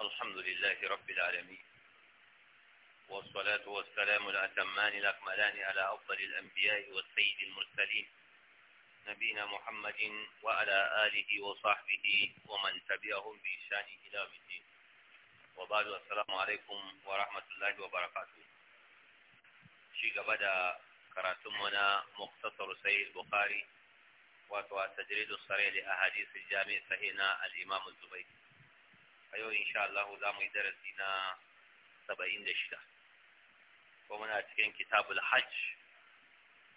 الحمد لله رب العالمين والصلاة والسلام الأتمان الأكملان على أفضل الأنبياء والسيد المرسلين نبينا محمد وعلى آله وصحبه ومن تبعهم بإشان إلى الدين وبعد السلام عليكم ورحمة الله وبركاته شيخ بدأ كراتمنا مختصر سيد البخاري وتجريد الصريح لأحاديث الجامع سهينا الإمام الزبيدي a yau insha Allah za mu yi darasi na saba'in da shida ko muna cikin kitabul hajj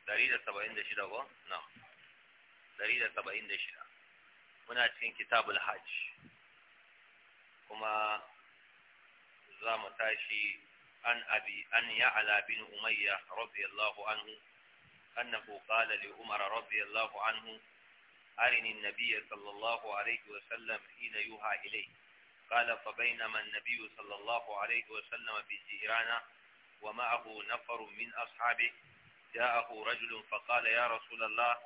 dari da saba'in da shida ko na dari da saba'in da shida muna cikin kitabul hajj kuma za mu tashi an abi an ya'ala bin umayya radiyallahu anhu أنه قال لعمر رضي الله عنه أرني النبي صلى الله عليه وسلم حين yuha إليه قال فبينما النبي صلى الله عليه وسلم في سهران ومعه نفر من أصحابه جاءه رجل فقال يا رسول الله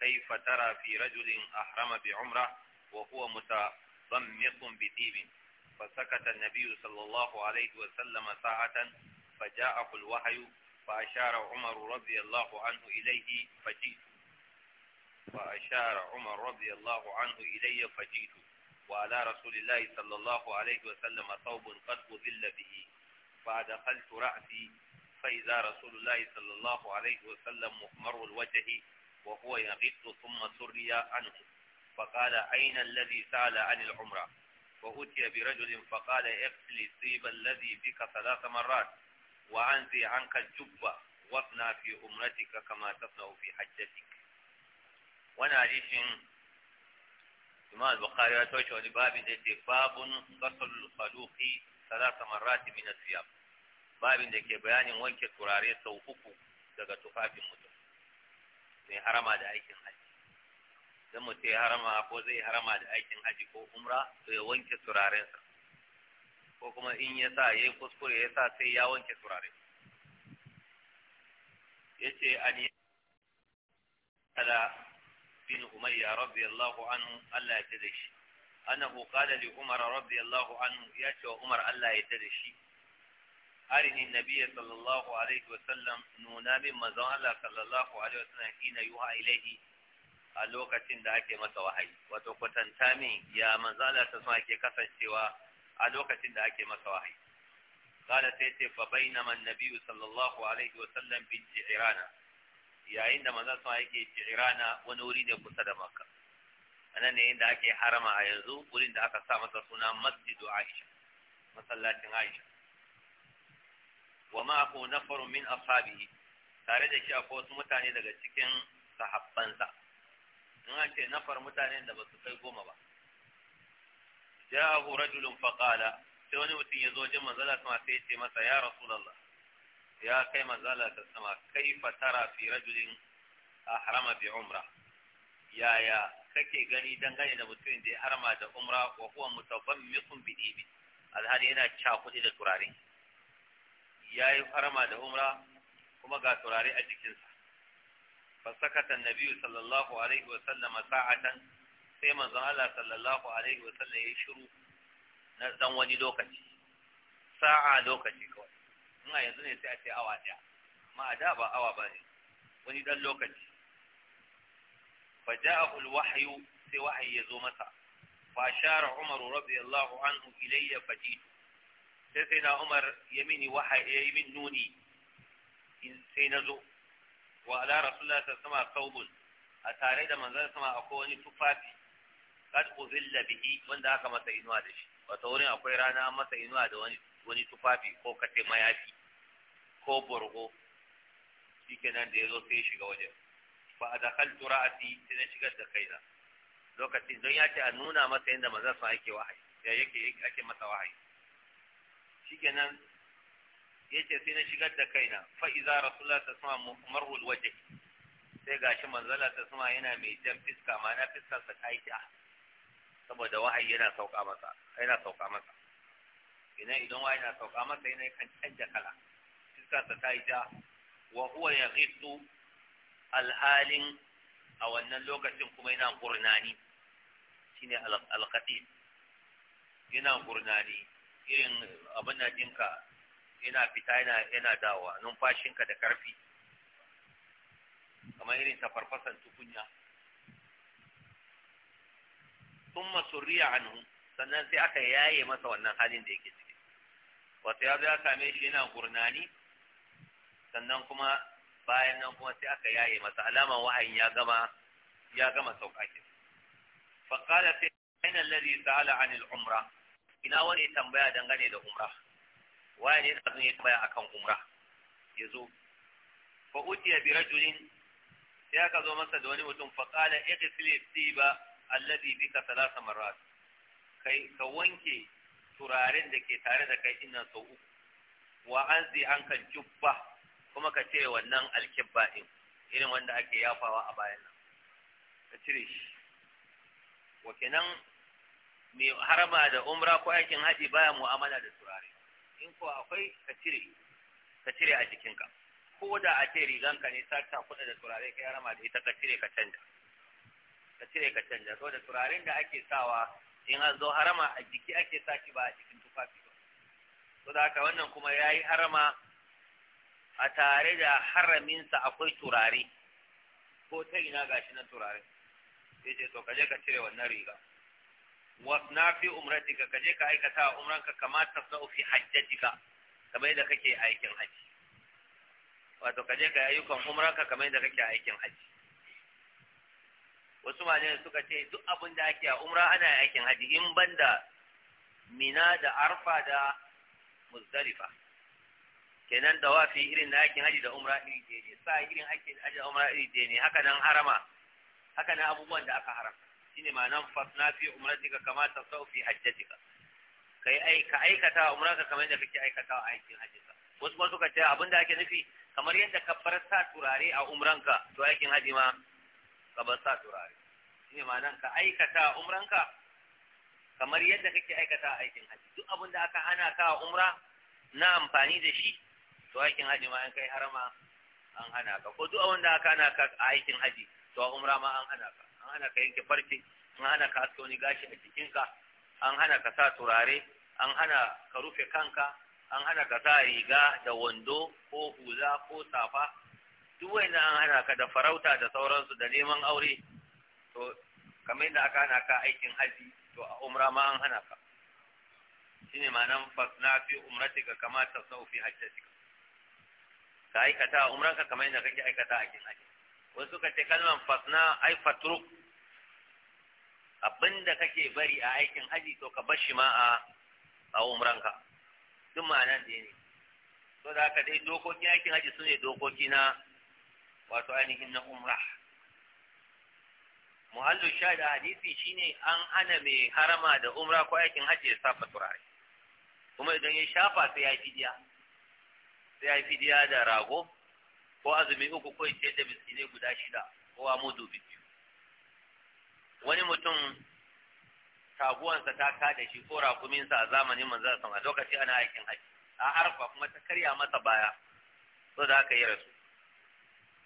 كيف ترى في رجل أحرم بعمره وهو متضمق بديب فسكت النبي صلى الله عليه وسلم ساعة فجاءه الوحي فأشار عمر رضي الله عنه إليه فجئت فأشار عمر رضي الله عنه إلي فجئت وعلى رسول الله صلى الله عليه وسلم ثوب قد أذل به فأدخلت رأسي فإذا رسول الله صلى الله عليه وسلم مخمر الوجه وهو يغط ثم سري عنه فقال أين الذي سأل عن العمرة فأتي برجل فقال اغسل الصيب الذي بك ثلاث مرات وأنزي عنك الجبة واثنى في عمرتك كما تثنى في حجتك وانا عليش imam al ya toshe wani babin da yake babun ghasl khaluqi salasa marrat min as-siyab babin da ke bayanin wanke turare sau uku daga tufafin mutum sai harama da aikin aji, dan mutum ya harama ko zai harama da aikin haji ko umra to wanke turarensa ko kuma in ya sa ya yi kuskure ya sa sai ya wanke turare ya ce a ni kada bin Umayya radiyallahu anhu Allah ya tada shi annahu qala li Umar radiyallahu anhu ya ce wa Umar Allah ya tada shi arini nabiyyi sallallahu alaihi wa sallam nuna min manzon Allah sallallahu alaihi wa sallam ina yuha ilaihi a lokacin da ake masa wahayi wato kwatanta min ya manzon Allah ta kasancewa a lokacin da ake masa wahayi قال سيتي فبينما النبي صلى الله عليه وسلم بالجعرانه yayin da manzon sama yake rana, wani wuri ne kusa da maka, anan ne inda ake harama a yanzu wurin da aka sa masa suna Masjidu Aisha masallacin Aisha wa ma'ahu nafarun min ashabihi tare da shi akwai wasu mutane daga cikin sahabbansa in an ce nafar mutanen da ba su kai goma ba ja'ahu rajulun faqala sai wani mutum ya zo jin manzala sai ya ce masa ya rasulullah ya kai manzala ta sama kaifa tara fi rajulin ahrama bi umra yaya kake gani dangane da mutum da ya harama da umra wa huwa mutabammiqun bi dibi Alhadi yana cakuɗe da turare yayi harama da umra kuma ga turare a jikinsa fasakata annabi sallallahu alaihi wa sallam sa'atan sai manzon Allah sallallahu alaihi wa sallam ya shiru na dan wani lokaci sa'a lokaci kawai in a yanzu ne sai a ce awa ɗaya Ma a da ba awa ba ne wani ɗan lokaci fa ja'ahu alwahyu sai wahayi ya zo masa fa shara umaru radiyallahu anhu ilayya fajitu sai sai na umar ya mini wahayi ya yi min nuni in sai na zo wa ala rasulullah sallallahu alaihi wasallam saubun a tare da manzon sama akwai wani tufafi kad uzilla bihi wanda aka masa inuwa da shi Wata wurin akwai rana masa inuwa da wani wani tufafi ko kace mayafi ko burgo shikenan da yazo sai shiga wajen fa adkhaltu ra'ati sai na shigar da kaina lokacin don ya ce a nuna masa yadda maza su ake wahayi ya yake ake masa wahayi shikenan ce sai na shigar da kaina fa idza rasulullah ta sama marhul waje. sai gashi manzala ta sama yana mai jan fiska ma na ta sa kai ta saboda wahayi yana sauka masa yana sauka masa kenan idan wani na sauka masa yana kan canja kala fuskarsa ta yi ta wa huwa ya alhalin a wannan lokacin kuma yana gurnani shine alqatil yana gurnani irin abin na jinka yana fita yana yana wa numfashinka da karfi kamar irin farfasan tukunya masu riya hannu, sannan sai aka yaye masa wannan halin da yake wato ya zo ya same shi yana gurnani sannan kuma bayan nan kuma sai aka yaye masa alaman wahayin ya gama ya gama sauka ke faqala sai aina alladhi sa'ala 'an al ina wani tambaya dangane da umra waye ne sabin ya tambaya akan umra yazo fa utiya bi rajulin sai aka zo masa da wani mutum faqala ighsil thiba alladhi bika thalath marrat kai ka wanke turaren da ke tare da kai ina sau uku wa an zi an jubba kuma ka cire wannan alkibba din irin wanda ake yafawa a bayan nan ka cire shi wa kenan mai harama da umra ko aikin haji baya mu'amala da turare in ko akwai ka cire ka cire a jikinka ko da a ce riganka ne ta ta kuɗa da turare ka harama da ita ka cire ka canja ka cire ka canja saboda turaren da ake sawa in an zo harama a jiki ake sa shi ba a cikin tufafi ba to da haka wannan kuma ya yi harama a tare da haraminsa akwai turare ko ta ina gashi na turare sai ce to kaje ka cire wannan riga wasna fi umratika kaje ka aikata umranka kama tasna'u fi hajjatika kamar yadda kake aikin haji wato kaje ka ayyukan umranka kamar yadda kake aikin haji wasu malamai suka ce duk abin da ake a umra ana aikin haji in banda mina da arfa da muzdalifa kenan da wafi irin na aikin haji da umra iri ɗaya ne sa irin aikin haji da umra iri ɗaya ne haka nan harama haka nan abubuwan da aka haramta shine nan fasna fi umratika kama sau fi hajjatika kai ai ka aikata ka kamar yadda kake aikata a aikin ka wasu kuma suka ce abinda ake nufi kamar yadda ka bar sa turare a umranka to aikin haji ma ka sa turare shine ma'anan ka aikata umranka kamar yadda kake aikata aikin haji duk abin da aka hana ka umra na amfani da shi to aikin haji ma an kai harama an hana ka ko duk abin da aka hana ka a aikin haji to umra ma an hana ka an hana ka yanke farce an hana ka aske wani gashi a jikinka an hana ka sa turare an hana ka rufe kanka an hana ka sa riga da wando ko huza ko safa duk wani an hana ka da farauta da sauransu da neman aure to kamar yadda aka hana ka aikin haji to a umra ma an hana ka shine ma'anan fasna fi umratika kama sau fi hajjatika ka aikata a ka kamar yadda kake aikata a aikin haji wasu suka ce kalman fasna ai fatruk abinda kake bari a aikin haji to ka bashi ma a a ka, duk ma'anan da ne so da haka dai dokokin aikin haji su ne dokoki na wato ainihin na umra muhallu sha da hadisi shine an hana mai harama da umra ko aikin hajji ya safa turare kuma idan ya shafa sai ya fidiya sai ya fidiya da rago ko azumi uku ko ce da miskinai guda shida ko mudu biyu wani mutum taguwansa ta ka da shi ko rakuminsa a zamanin manzon a lokaci ana aikin hajji a harfa kuma ta karya masa baya so da aka yi rasu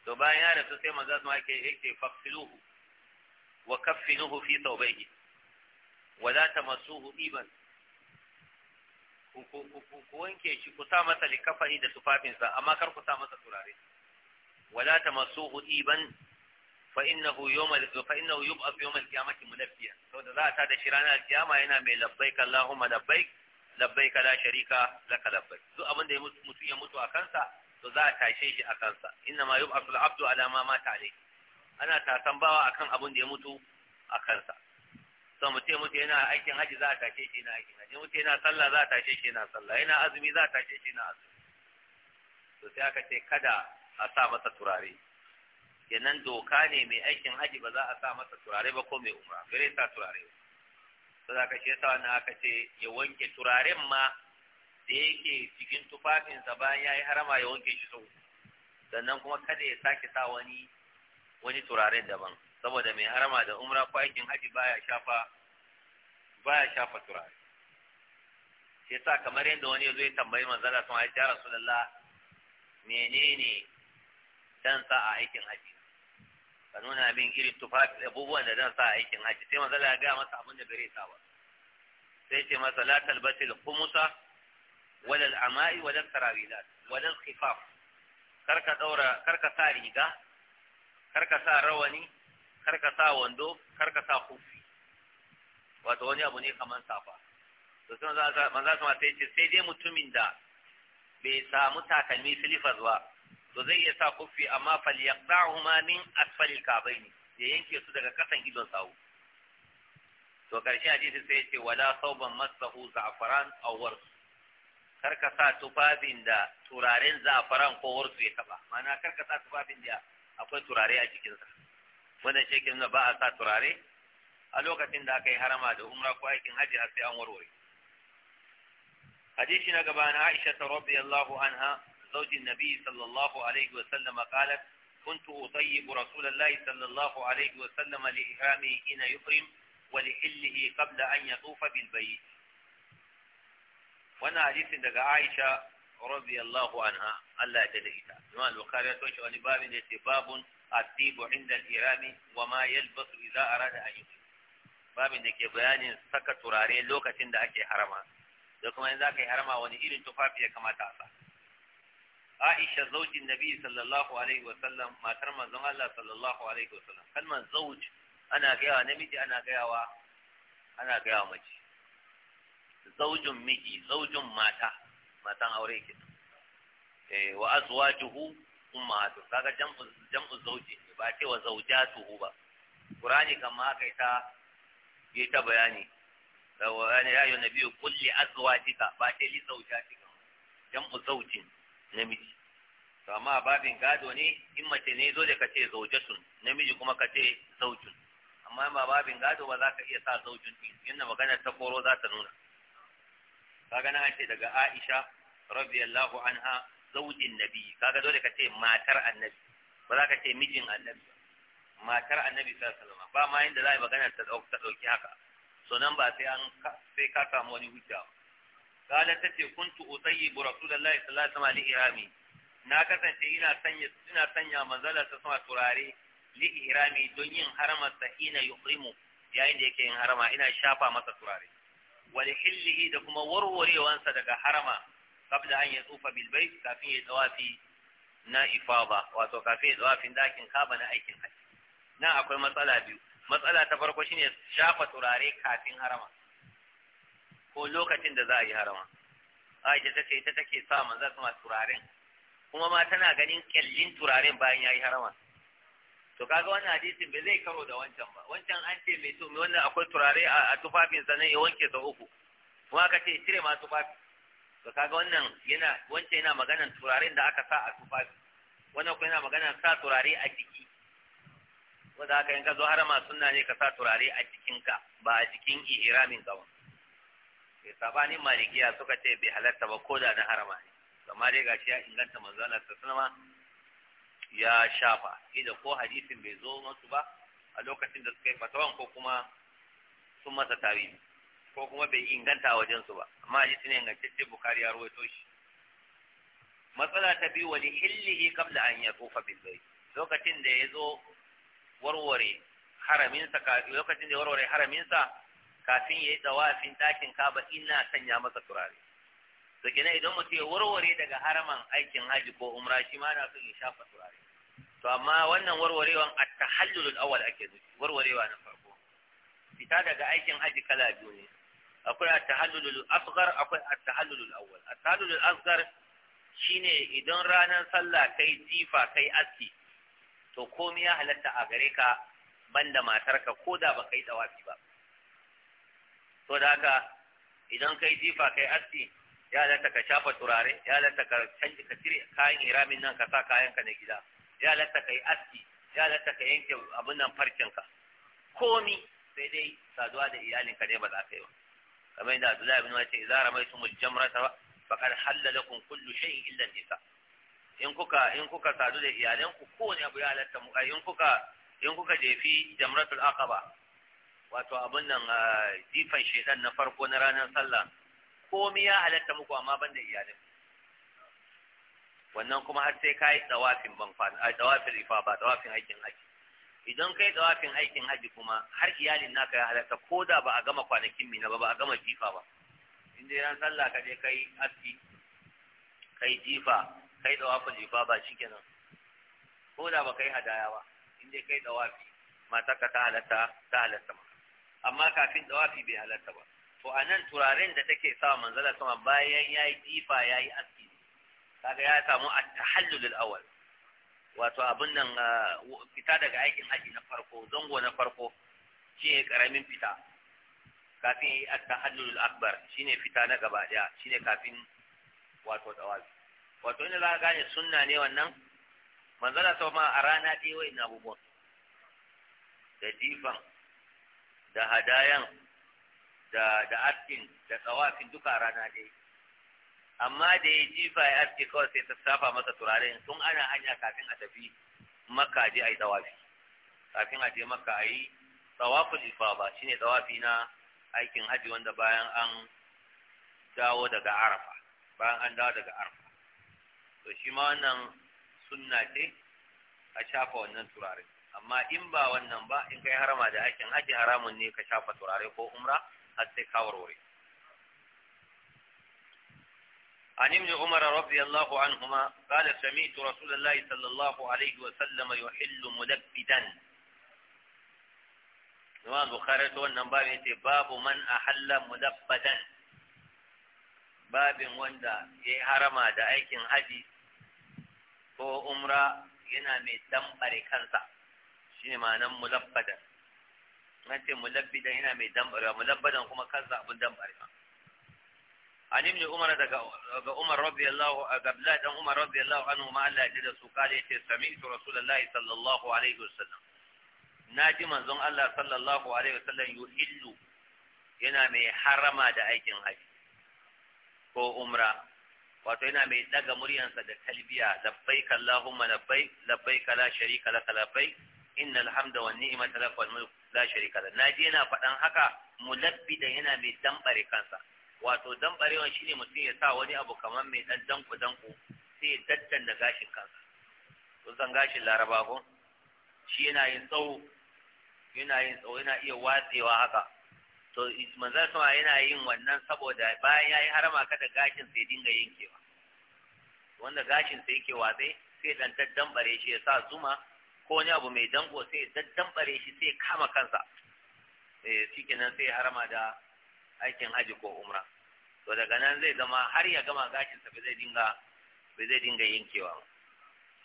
to bayan ya rasu sai manzo sun ake yake fafiluhu wa kaffinuhu fi thawbayhi wa la tamassuhu iban ku wanke shi ku sa masa likafani da tufafinsa amma kar ku sa masa turare wala tamassuhu iban fa innahu yawmal fa innahu yub'ath yawmal qiyamati mulabbiya saboda za a ta da shi ranar kiyama yana mai labbaik Allahumma labbaik labbaik la sharika laka labbaik duk abin da mutu ya mutu a kansa to za a tashe shi a kansa inna ma yub'athu al-abdu ala ma mata alayhi ana tasan bawa akan abun da ya mutu a kansa so mutum mutu yana aikin haji za a tashe shi yana aikin haji mutu yana sallah za a tashe shi yana sallah yana azumi za a tashe shi yana azumi to sai aka ce kada a sa masa turare kenan doka ne mai aikin haji ba za a sa masa turare ba ko mai umra gare sa turare ba sai aka ce sa wannan aka ce ya wanke turaren ma da yake cikin tufafinsa bayan ya yi harama ya wanke shi sau sannan kuma kada ya sake sa wani wani turaren daban saboda mai harama da umra ko aikin haji baya shafa baya shafa turare sai sa kamar yadda wani zo ya tambayi manzala sun aisha rasulullah menene dan sa a aikin haji ka nuna min irin tufafi abubuwan da dan sa a aikin haji sai manzala ya gaya masa abin da bare sa ba sai ce masa la talbasil khumusa wala al'amai wala sarawilat wala khifaf karka daura karka sa riga karka sa rawani karka sa wando karka sa kufi wato wani abu ne kamar safa to sun za manza ce sai dai mutumin da bai samu takalmi silifas ba to zai iya sa kufi amma falyaqda'huma min asfalil kabaini ya yanke su daga kasan gidan sawu to karshe hadisi sai ce wala sauban masahu za'faran aw warq kar ka sa tufafin da turaren zafaran ko warsu ya taba mana kar ka sa tufafin da akwai turare a cikinsa wanda shi na ba a sa turare a lokacin da aka yi harama da umra ko aikin hajji har sai an warware hadisi na gaba na Aisha ta radiyallahu anha zaujin nabi sallallahu alaihi wa sallama qalat كنت أطيب رسول الله صلى الله عليه وسلم لإحرامه حين يحرم ولحله an أن يطوف بالبيت wannan hadisin daga Aisha radiyallahu anha Allah ya dade ita Imam Bukhari ya toshe wani babin da yake babun atibu inda al-irami wa ma yalbasu idza arada an yuti babin da ke bayanin saka turare lokacin da ake harama da kuma in zaka yi harama wani irin tufafi ya kamata a sa Aisha zaujin Nabi sallallahu alaihi wa sallam matar manzon Allah sallallahu alaihi wa sallam kalmar zauj ana gaya namiji ana gayawa ana gaya mace zaujin miji zaujin mata matan aure ke eh wa azwajuhu ummahatu kaga jam'u jam'u zauji ba ce wa zaujatuhu ba qur'ani kan haka ita yi ta bayani wa ya yi kulle azuwa azwajika ba ce li zaujatika jam'u zaujin namiji to amma babin gado ne in mace ne zo da kace zaujatun namiji kuma kace zaujun amma ba babin gado ba za ka iya sa zaujun din inda maganar ta koro za ta nuna kaga na ce daga Aisha radiyallahu anha zaujin nabi kaga dole ka ce matar annabi ba za ka ce mijin annabi matar annabi sallallahu alaihi wasallam ba ma yanda za a yi magana ta dauki haka so nan ba sai an sai ka samu wani hujja kala ta ce kuntu usayyibu rasulullahi sallallahu alaihi wasallam li ihrami na kasance ina sanya ina sanya manzala ta sama turare li ihrami don yin haramar sa ina yuhrimu yayin da yake yin harama ina shafa masa turare wa lihillihi da kuma warwarewansa daga harama kabla an tsufa bil bait kafin ya tawafi na ifaba wato kafin ya tawafin dakin kaba na aikin haji nan akwai matsala biyu matsala ta farko shine shafa turare kafin harama ko lokacin da za a yi harama Aisha ta ce ita take sa maza kuma turaren kuma ma tana ganin kyallin turaren bayan yayi harama to kaga wannan hadisin bai zai karo da wancan ba wancan an ce mai to wannan akwai turare a tufafin sanan ya wanke sau uku kuma aka ce cire ma tufafi to kaga wannan yana wancan yana maganan turaren da aka sa a tufafi wannan kuma yana maganan sa turare a jiki wanda aka ka zo harama sunna ne ka sa turare a jikinka ba a jikin ihramin ka ba eh, sabanin malikiya suka ce bai halatta ba koda na harama ne amma dai gashi ya inganta manzo Allah sallallahu alaihi wasallam ya shafa ida ko hadisin bai zo masu ba a lokacin da suka yi fatawan ko kuma sun masa tari ko kuma bai inganta a wajensu ba amma hadisi ne cikin bukari ya rawaito shi matsala ta biyu wani hillihi kabla an ya tofa bilbai lokacin da ya zo warware haraminsa lokacin da ya warware haraminsa kafin ya yi tsawafin ɗakin kaba ina sanya masa turare to kenan idan mutum ya warware daga haraman aikin haji ko umra shi ma na son ya shafa turare to amma wannan warwarewan at-tahallul al-awwal ake nufi warwarewa na farko fita daga aikin haji kala biyu ne akwai at-tahallul al akwai at-tahallul al-awwal at-tahallul shine idan ranar sallah kai jifa kai aski to komai ya halatta a gare ka banda matarka ko da ba kai dawafi ba to da haka idan kai jifa kai aski ya halatta ka shafa turare ya halatta ka canje ka cire kayan iramin nan ka sa kayan ka na gida ya halatta ka yi aski ya halatta ka yanke abin nan farkinka komi sai dai saduwa da iyalinka ne ba za ka yi ba kamar yadda Abdullahi ibn Umar ce idza ramaytumul jamrata faqad halla lakum kullu shay'in illa an-nisa in kuka in kuka sadu da iyalanku ne abu ya halatta mu in kuka in kuka jefi jamratul aqaba wato abin nan ah, jifan shedan na farko na ranar sallah komi ya halatta muku amma ban da iyalin wannan kuma har sai ka yi ban fada ai tawafin ifada tawafin aikin haji idan kai tsawafin aikin haji kuma har iyalin naka ya halatta ko da ba a gama kwanakin mina ba ba a gama jifa ba in dai ran sallah ka je kai aski kai jifa kai ba shi kenan ko da ba kai hadaya ba in dai kai mata ka ta halatta ta halatta ma amma kafin tsawafi bai halatta ba to a nan turaren da take sa manzala sama bayan ya yi jifa ya yi aski kaga ya samu at-tahallul al-awwal wato abin nan ah, fita daga aikin haji na farko zango na farko shine karamin fita kafin yi at-tahallul akbar shine fita na gaba daya shine kafin wato tawafi wato ina za ka gane sunna ne wannan manzala sau ma a rana ɗaya na abubuwan da difan, da hadayan da da askin da tsawafin duka a rana ɗaya amma da ya ji fa ya aske kawai sai ta safa masa turare, tun ana hanya kafin a tafi makka je a yi tawafi kafin a je makka a yi ifaba shine tawafi na aikin haji wanda bayan an dawo daga arafa bayan an dawo daga arafa to shi ma wannan sunna ce a shafa wannan turare amma in ba wannan ba in kai harama da aikin haji haramun ne ka shafa turare ko umra har sai ka warware عن ابن عمر رضي الله عنهما قال سمعت رسول الله صلى الله عليه وسلم يحل ملبدا نوان بخاري تون نبابي باب من أحل ملبدا باب وندا يحرم دا أيكين حجي ko umra yana mai dambare kansa shine ma'anan mulabbadan nace mulabbidan yana mai dambare mulabbadan kuma kansa abun dambarewa an ibn umar daga ga umar radiyallahu ga abdullah dan umar radiyallahu anhu ma Allah ya da su kare ce sami'tu rasulullahi sallallahu alaihi wasallam naji manzon Allah sallallahu alaihi wasallam yuhillu yana mai harama da aikin haji ko umra wato yana mai daga muryansa da talbiya labbaik allahumma labbaik labbaik la sharika lak labbaik innal hamda wan ni'mata lak wal mulk la sharika lak naji yana fadan haka mulabbi da yana mai dambare kansa wato dan barewan shine mutum ya sa wani abu kamar mai dan danku danku sai ya daddan da gashin kansa to gashin laraba ko shi yana yin tsawo yana yin tsawo yana iya watsewa haka to manzon sama yana yin wannan saboda bayan yayi harama kada gashin sai dinga yankewa wanda gashin sai yake watsai sai dan daddan bare shi ya sa zuma ko wani abu mai danko sai ya daddan bare shi sai kama kansa eh shikenan sai harama da aikin haji ko umra to daga nan zai zama har ya gama gashin sa zai dinga bai zai dinga yankewa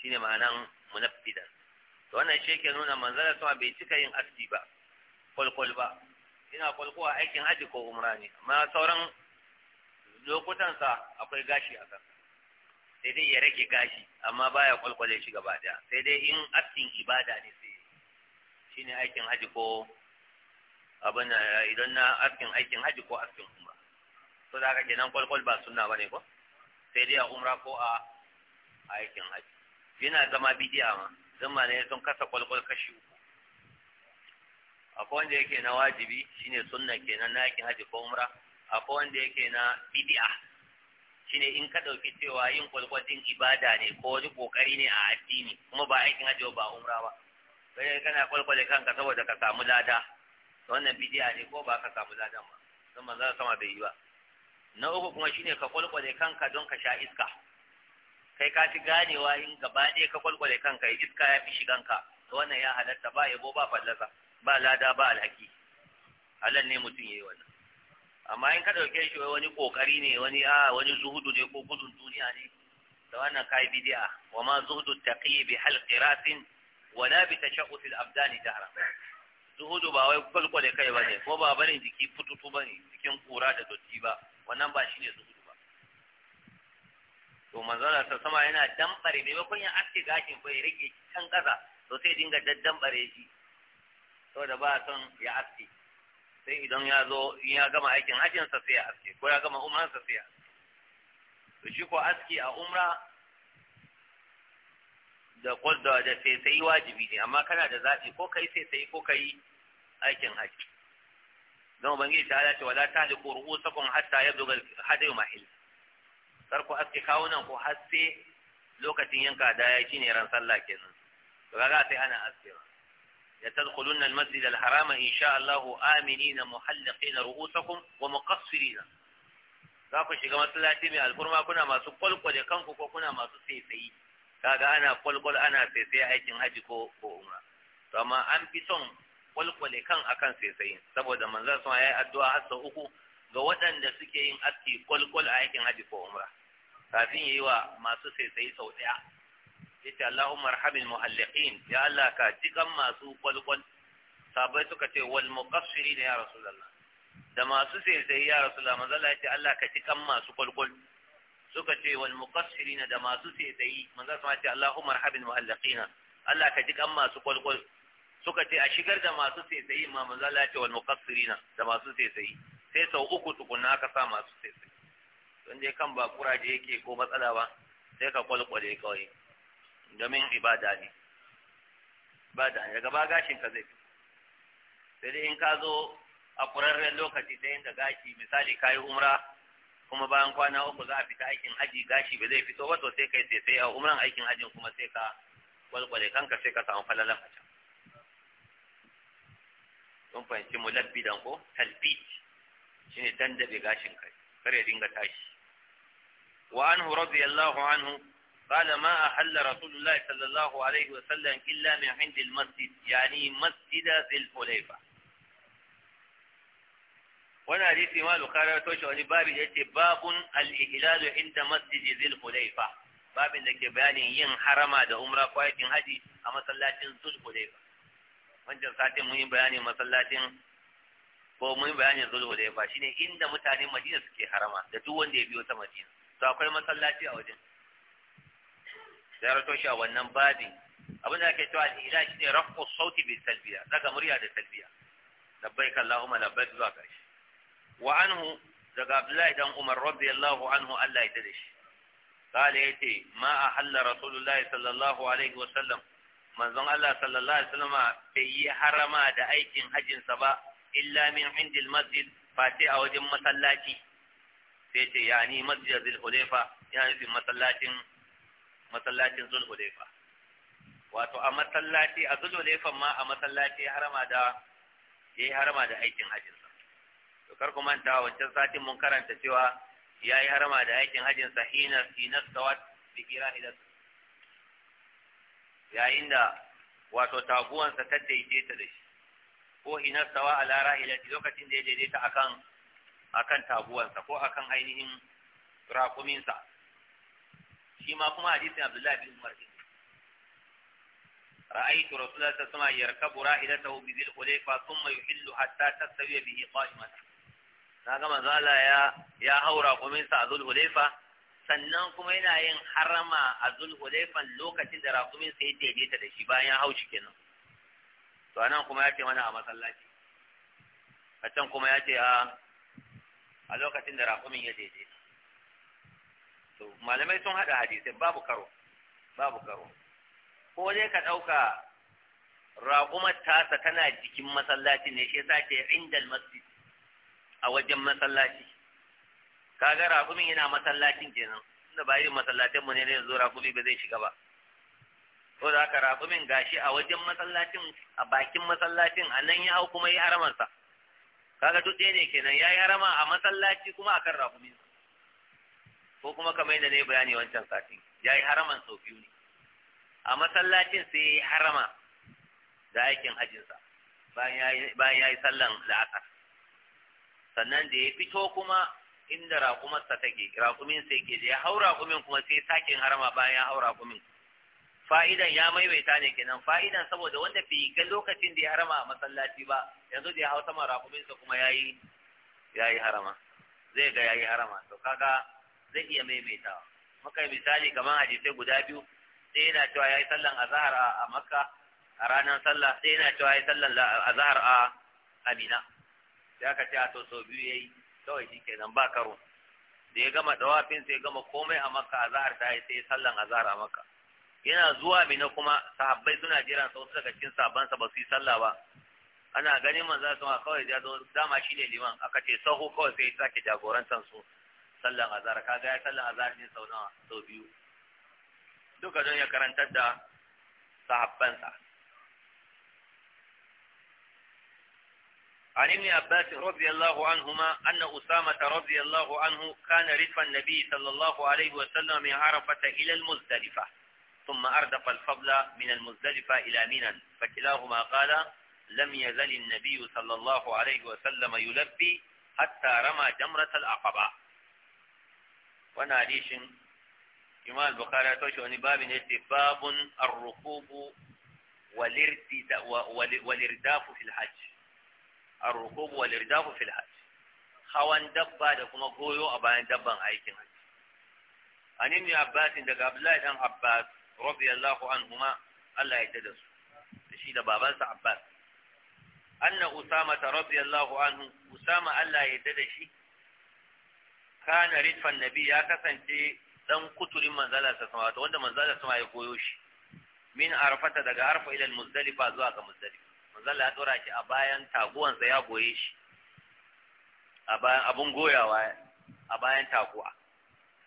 shine ma'anan munaffidan to wannan shi yake nuna manzara sama bai cika yin aski ba kwalkwal ba ina kwalkwal aikin haji ko umra ne amma sauran lokutan sa akwai gashi a kan sai dai ya rage gashi amma baya kwalkwale shi gaba daya sai dai in askin ibada ne sai shine aikin haji ko abin eh, idan na askin aikin haji ko askin umra to da haka kenan kwalkwal ba ba bane ko sai dai a umra ko a aikin haji yana zama bidiya ma zama ne sun kasa kwalkwal kashi uku akwai wanda yake na wajibi shine sunna kenan na aikin haji ko umra akwai wanda yake na bidiya shine in ka dauki cewa yin kwalkwal din ibada ne ko wani kokari ne a addini kuma ba aikin haji ba umra ba sai kana kwalkwale kanka saboda ka samu lada wannan bidiya ne ko ba ka samu ladan ba don manzo sama bai yi ba na uku kuma shine ka kwalkwale kanka don ka sha iska kai ka fi ganewa in gaba ɗaya ka kwalkwale kanka ya iska ya fi shiganka to wannan ya halatta ba yabo ba fallasa ba lada ba alhaki halal ne mutum ya yi wannan amma in ka ɗauke shi wani ƙoƙari ne wani a wani zuhudu ne ko gudun duniya ne da wannan kai a, wa ma zuhudu taqi bi halqi rasin wala bi tashaqqu fil abdani jahra zuhudu ba wai kwalkwale kai ba ne ko ba bane jiki fututu ba ne cikin kura da dotti ba wannan ba shi ne zuhudu ba to manzala ta sama yana dambare bakon yin aske gashin ba ya rage can kasa to sai dinga daddambare shi saboda ba son ya aske sai idan ya zo in ya gama aikin hajjinsa sai ya aske ko ya gama umransa sai ya aske to shi ko aski a umra da kwalda da sai wajibi ne amma kana da zaɓi ko kai sai sai ko kai aikin haji don ubangiji ta ce, wala ta haliku ru'usakum hatta yabluga hadayu mahil kar ku aske kawunan ku har sai lokacin yanka da daya ne ran sallah kenan to kaga sai ana ba. ya tadkhulunna al-masjid al-harama insha Allah aminina muhallaqin ru'usakum wa muqassirin za ku shiga masallaci mai alfurma kuna masu kwalkwale kanku ko kuna masu saisayi kaga ana kwalkwal ana sai aikin haji ko ko umra to amma an fi son kwalkwale kan akan sai saboda manzon sun yayi addu'a har sau uku ga waɗanda suke yin aski kwalkwal a aikin haji ko umra kafin yi wa masu sai sau ɗaya yace Allahumma arhamil muhalliqin ya Allah ka jikan masu kwalkwal sabai suka ce wal muqassirin ya rasulullah da masu sai ya rasulullah manzon Allah yace Allah ka jikan masu kwalkwal suka ce wal muqassirina da masu tsayi manzo sama ce Allahumma arhamil muhallaqina Allah ka ji kan masu kwalkwal suka ce a shigar da masu tsayi ma manzo Allah ce wal muqassirina da masu tsayi sai sau uku tukunna ka sa masu tsayi don dai kan ba kuraje yake ko matsala ba sai ka kwalkwale kawai domin ibada ne ibada ne daga ba gashin ka zai sai dai in ka zo a kurarren lokaci ta yin da gashi misali kayi umra kuma bayan kwana uku za a fita aikin haji gashi ba zai fito to sai kai sai sai a umran aikin hajin kuma sai ka walwale kanka sai ka samu falalan a can sun fahimci mu labbi dan ko talbit shine dandabe gashin kai kar ya dinga tashi wa rabbi radiyallahu anhu قال ما أحل رسول الله صلى الله عليه وسلم إلا من عند masjid, يعني مسجد ذي الحليفة wani hadisi ma bukari ya toshe wani babi da yace babun al inda masjidi zil hulaifa babin da ke bayanin yin harama da umra ko aikin haji a masallacin zul hulaifa wancan satin mun yi bayanin masallacin ko mun bayanin zulhu da ba shine inda mutanen Madina suke harama da duk wanda ya biyo ta Madina to akwai masallaci a wajen da rato shi a wannan babi abin da ake cewa al-ila ne rafu sauti bil talbiya daga murya da talbiya labbaik allahumma labbaik zuwa karshe wa anhu daga Abdullahi dan Umar radiyallahu anhu Allah ya dade shi kale yace ma ahalla rasulullahi sallallahu alaihi wa sallam manzon Allah sallallahu alaihi wa sallama bai yi harama da aikin hajjin sa ba illa min indil masjid fati a wajen masallaci sai ce yani masjid zulhulaifa ya nufi masallacin masallacin zulhulaifa wato a masallaci a zulhulaifan ma a masallaci harama da yayi harama da aikin hajjin to kar ku manta wancan satin mun karanta cewa ya yi harama da aikin hajjin sa hina fi nasawat bi kirahidat yayin da wato taguwan sa ta daidaita da shi ko ina sawa ala rahilati lokacin da ya daidaita akan akan taguwan sa ko akan ainihin rakuminsa. sa shi ma kuma hadisin Abdullahi bin Umar رأيت رسول الله صلى الله عليه وسلم يركب راحلته بذي الخليفة ثم يحل حتى تستوي به قائمته kaga manzala ya ya haura sa a zulhulaifa sannan kuma yana yin harama a zulhulaifan lokacin da sa ya daidaita da shi bayan ya hau shi kenan to anan kuma ya ce mana a masallaci a can kuma ya ce ah, a lokacin da rakumin ya daidaita to malamai sun hada hadisai babu karo babu karo ko dai ka ɗauka raƙumar tasa tana jikin masallacin ne shi yasa ce indal masjid a wajen masallaci kaga rafumin yana masallacin kenan inda ba irin masallacin mu ne ne zo rafumi ba zai shiga ba ko da haka rafumin gashi a wajen masallacin a bakin masallacin a nan ya hau kuma ya haramarsa kaga duk ɗaya ne kenan ya yi harama a masallaci kuma akan rafumin ko kuma kamar yadda ne bayani wancan sati, ya yi haraman sau biyu ne a masallacin sai ya yi harama da aikin hajjinsa bayan ya yi sallan la'asar sannan da ya fito kuma inda raƙumarsa take raƙumin sai ke da ya hau raƙumin kuma sai sakin harama bayan ya hau raƙumin fa'idan ya maimaita ne kenan fa'idan saboda wanda bai ga lokacin da ya harama a masallaci ba yanzu da ya hau sama raƙuminsa kuma ya yi harama zai ga ya yi harama to kaga zai iya maimaitawa muka misali kamar hadisai guda biyu sai yana cewa ya yi sallan azahar a makka a ranar sallah sai yana cewa ya yi sallan azahar a amina sai aka ce a to sau biyu ya yi kawai shi ke nan ba karo da ya gama dawafin sai ya gama komai a makka za'ar ta yi sai sallan azahar a makka yana zuwa mina kuma sahabbai suna jiran sau daga cikin sabansa ba su yi sallah ba ana ganin su sama kawai ya zo dama ne liman aka ce sahu kawai sai ya sake jagorantar su sallan azhar ga ya sallan azhar din sau nawa sau biyu duka don ya karantar da sahabbansa عن ابن عباس رضي الله عنهما أن أسامة رضي الله عنه كان رفا النبي صلى الله عليه وسلم من عرفة إلى المزدلفة ثم أردف الفضل من المزدلفة إلى منى فكلاهما قال لم يزل النبي صلى الله عليه وسلم يلبي حتى رمى جمرة العقبة وانا حديث إمام البخاري توشي أن باب باب الركوب والارتداف في الحج ar-rukub wal irdafu fil hajj hawan dabba da kuma goyo a bayan dabban aikin hajji an ibn abbasin, daga abdullahi dan abbas radiyallahu anhuma Allah ya tada su shi da babansa abbas anna usama radiyallahu anhu usama Allah ya tada shi kana ridfan nabi ya kasance dan kuturin manzala sa sama wanda manzala sama ya goyo shi min arfata daga arfa ila muzdalifa zuwa ga muzdalifa manzala ya dora shi a bayan taguwansa ya goye shi a bayan abun goyawa a bayan taguwa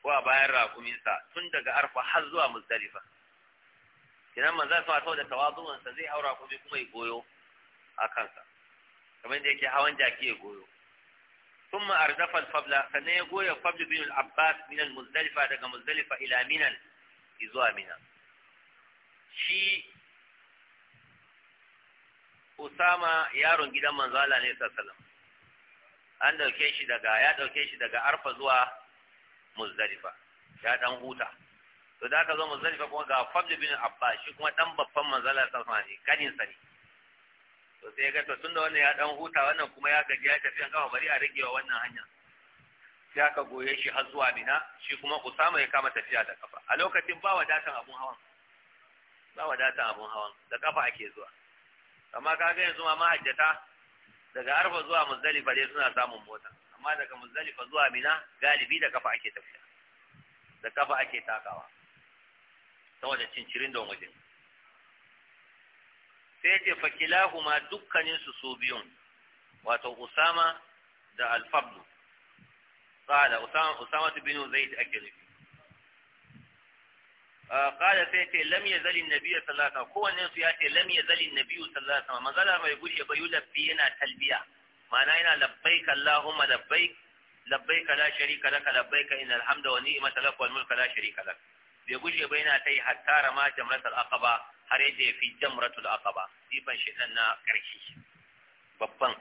ko a bayan rakuminsa tun daga arfa har zuwa muzdalifa idan manzala sa sau da tawazuwansa zai aura kuma kuma ya goyo a kansa kamar da yake hawan jaki ya goyo ثم أردف الفبل فنيقول الفبل بن العباس من المزدلفة دقى مزدلفة إلى منى إذوا منى shi Usama yaron gidan manzala ne sallam an dauke shi daga ya dauke shi daga Arfa zuwa Muzdalifa ya dan huta to da aka zo Muzdalifa kuma ga Fadl bin Abbas shi kuma dan babban manzala sallallahu alaihi kanin sa ne to sai ga to tunda wannan ya dan huta wannan kuma ya gaji ya tafi an kawo bari a rage wa wannan hanya sai aka goye shi har zuwa Mina shi kuma Usama ya kama tafiya da kafa a lokacin ba wadatan abun hawan ba wadatan abun hawan da kafa ake zuwa amma kaga yanzu ma hajjata daga arfa zuwa muzdalifa dai suna samun mota amma daga muzdalifa zuwa mina galibi da kafa ake tafiya da kafa ake takawa saboda cincirin da wajen sai ce fakilahuma dukkanin su su biyun wato usama da alfabdu da usama usama bin zaid ake nufi qala sai ce lam yazal annabi sallallahu alaihi wasallam kowanne su ya ce lam yazal annabi sallallahu alaihi wasallam manzala mai gushe ba yulabbi yana talbiya ma'ana yana labbaik allahumma labbaik labbaik la sharika laka labbaik innal hamda wa ni'mata lak wal mulka la sharika lak bai gushe ba yana tai hatta rama jamratul aqaba har yadda ya fi jamratul aqaba jifan shedan na karshe babban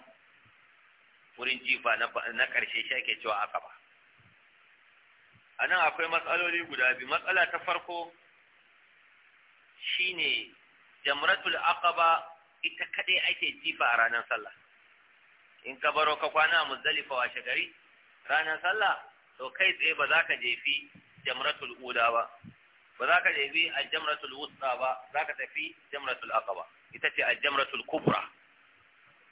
wurin jifa na karshe shi ake cewa aqaba anan akwai matsaloli guda biyu matsala ta farko shine jamratul aqaba ita kadai ake jifa a ranar sallah in ka baro ka kwana a muzdalifa washe gari ranar sallah to kai tsaye ba za ka jefi jamratul uda ba ba za ka jefi aljamratul wusta ba za ka tafi jamratul aqaba ita ce aljamratul kubra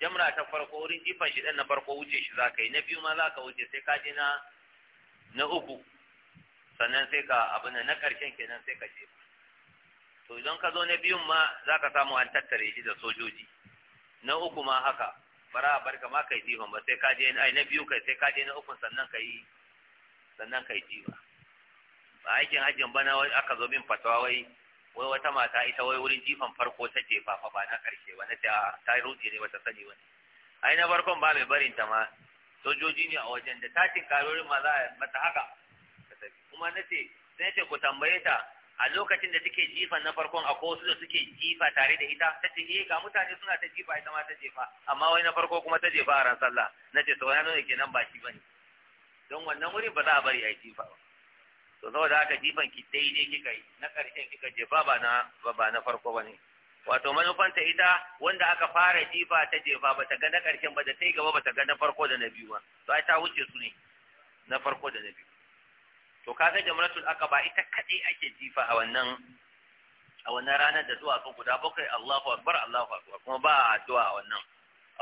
jamra ta farko wurin jifan shi dan na farko wuce shi za ka yi na biyu ma za ka wuce sai ka je na uku sannan sai ka abin na karshen kenan sai ka jefa to idan ka zo na biyun ma za ka samu an tattare shi da sojoji na uku ma haka bara a barka ma kai jihon ba sai ka je ai na biyu kai sai ka je na uku sannan ka yi sannan ka yi jiwa ba aikin hajjin bana wai aka zo min fatawa wai wai wata mata ita wai wurin jifan farko ta ce fafa ba na karshe ba na ta ta ruje ne wata sani wani ai na farkon ba mai barin ta ma sojoji ne a wajen da tashin karorin ma za a mata haka kuma na ce sai ce ku tambaye ta a lokacin da suke jifa na farkon a wasu da suke jifa tare da ita ta ce eh, ga mutane suna ta jifa ita ma ta jefa amma wai na farko kuma ta jefa a ran sallah na ce sau ke nan kenan ba shi don wannan wurin ba za a bari a yi jifa ba to saboda haka jifan ki daidai kika yi na ƙarshen kika jefa ba na ba na farko ne wato manufanta ita wanda aka fara jifa ta jefa ba ta ga na ƙarshen ba da ta yi gaba ba ta ga na farko da na biyu ba to ai ta wuce su ne na farko da na biyu to kaga jamratul aqaba ita kadai ake jifa a wannan a wannan ranar da zuwa sun guda bakwai Allahu akbar Allahu akbar kuma ba addu'a a wannan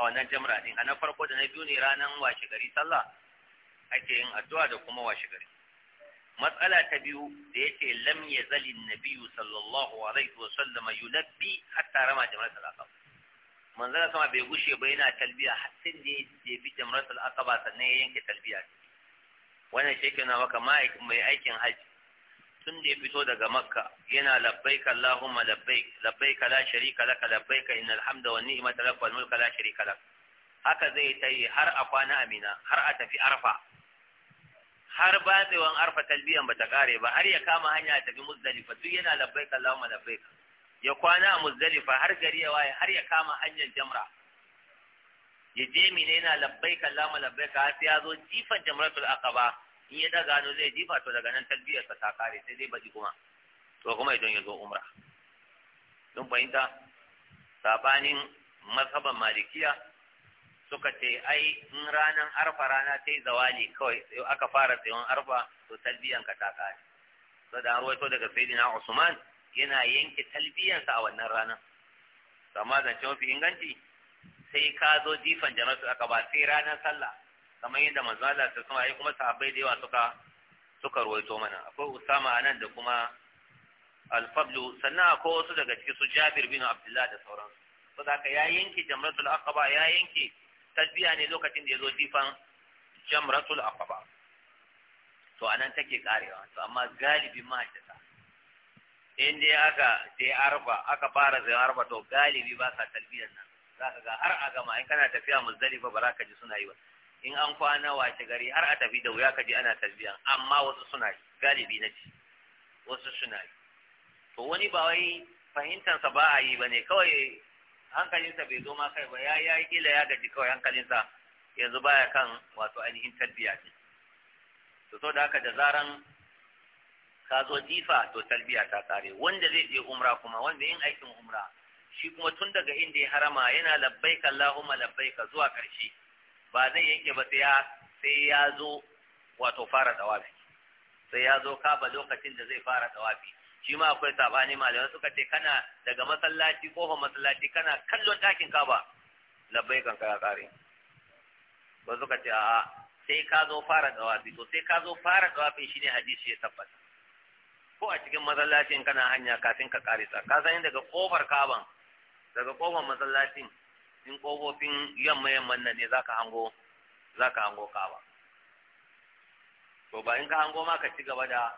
a wannan jamra din a na farko da na biyu ne ranar washe gari sallah ake yin addu'a da kuma washe gari matsala ta biyu da yake lam yazali nabiyyu sallallahu alaihi wa sallam yulabbi hatta rama jamratul aqaba manzon sama bai gushe ba yana talbiya har sai da ya bi jamratul aqaba sannan ya yanke talbiya wannan shi ke maka mai aikin hajji tun da ya fito daga makka yana labbaika allahumma labbaik labbaika la sharika laka labbaika innal hamda wan ni'mata lak wal mulka la sharika lak haka zai tai har a kwana amina har a tafi arfa har ba wan arfa talbiyan bata kare ba har ya kama hanya ta tafi muzdalifa duk yana labbaika allahumma labbaika ya kwana a muzdalifa har gari ya waye har ya kama hanyar jamra ya je mine yana labbai Allahumma labbai har sai ya zo jifan jamratul aqaba in ya daga hannu zai jifa to daga nan talbiyar sa ta kare sai zai baji kuma to kuma idan ya zo umra don fahimta sabanin mazhaban malikiya suka ce ai in ranan arfa rana ta yi zawali kawai aka fara tsayon arfa to talbiyan ka ta kare so da ruwaito daga sayyidina Usman yana yanke talbiyansa a wannan rana amma zance mafi inganci sai ka zo jifan jama'a aka ba sai ranar sallah kamar yadda manzo Allah ta sama ai kuma sahabbai da yawa suka suka ruwaito mana akwai Usama anan da kuma Al-Fadlu sannan akwai wasu daga cikin su Jabir bin Abdullah da sauran to da ya yanke jamratul aqaba ya yanke tasbiya ne lokacin da yazo jifan jamratul aqaba to anan take karewa to amma galibi ma ta in dai aka sai arba aka fara sai arba to galibi ba sa talbiyar nan za ga har a gama in kana tafiya muzdalifa ba za ka ji suna yi ba in an kwana washe gari har a tafi da wuya ka ji ana tasbiyan amma wasu suna yi galibi na ci wasu suna yi to wani ba wai fahimtansa ba a yi ba ne kawai hankalinsa bai zo ma kai ba ya ya kila ya gaji kawai hankalinsa yanzu baya kan wato ainihin tarbiya ce to so da haka da zaran ka zo jifa to talbiya ta kare wanda zai je umra kuma wanda yin aikin umra shi kuma tun daga inda ya harama yana labbaika Allahumma labbaika zuwa ƙarshe ba zai yanke ba sai ya sai ya zo wato fara tawafi sai ya zo kaba lokacin da zai fara tawafi shi ma akwai sabani malamai suka ce kana daga masallaci ko masallaci kana kallon ɗakin kaba labbaikan ka kare ba suka ce a'a sai ka zo fara tawafi to sai ka zo fara tawafi shine hadisi ya tabbata ko a cikin masallacin kana hanya kafin ka karisa ka san daga kofar kaban daga kofar masallacin in kofofin yamma yamman nan ne ka hango ka hango kaba to ba in ka hango ma ka ci gaba da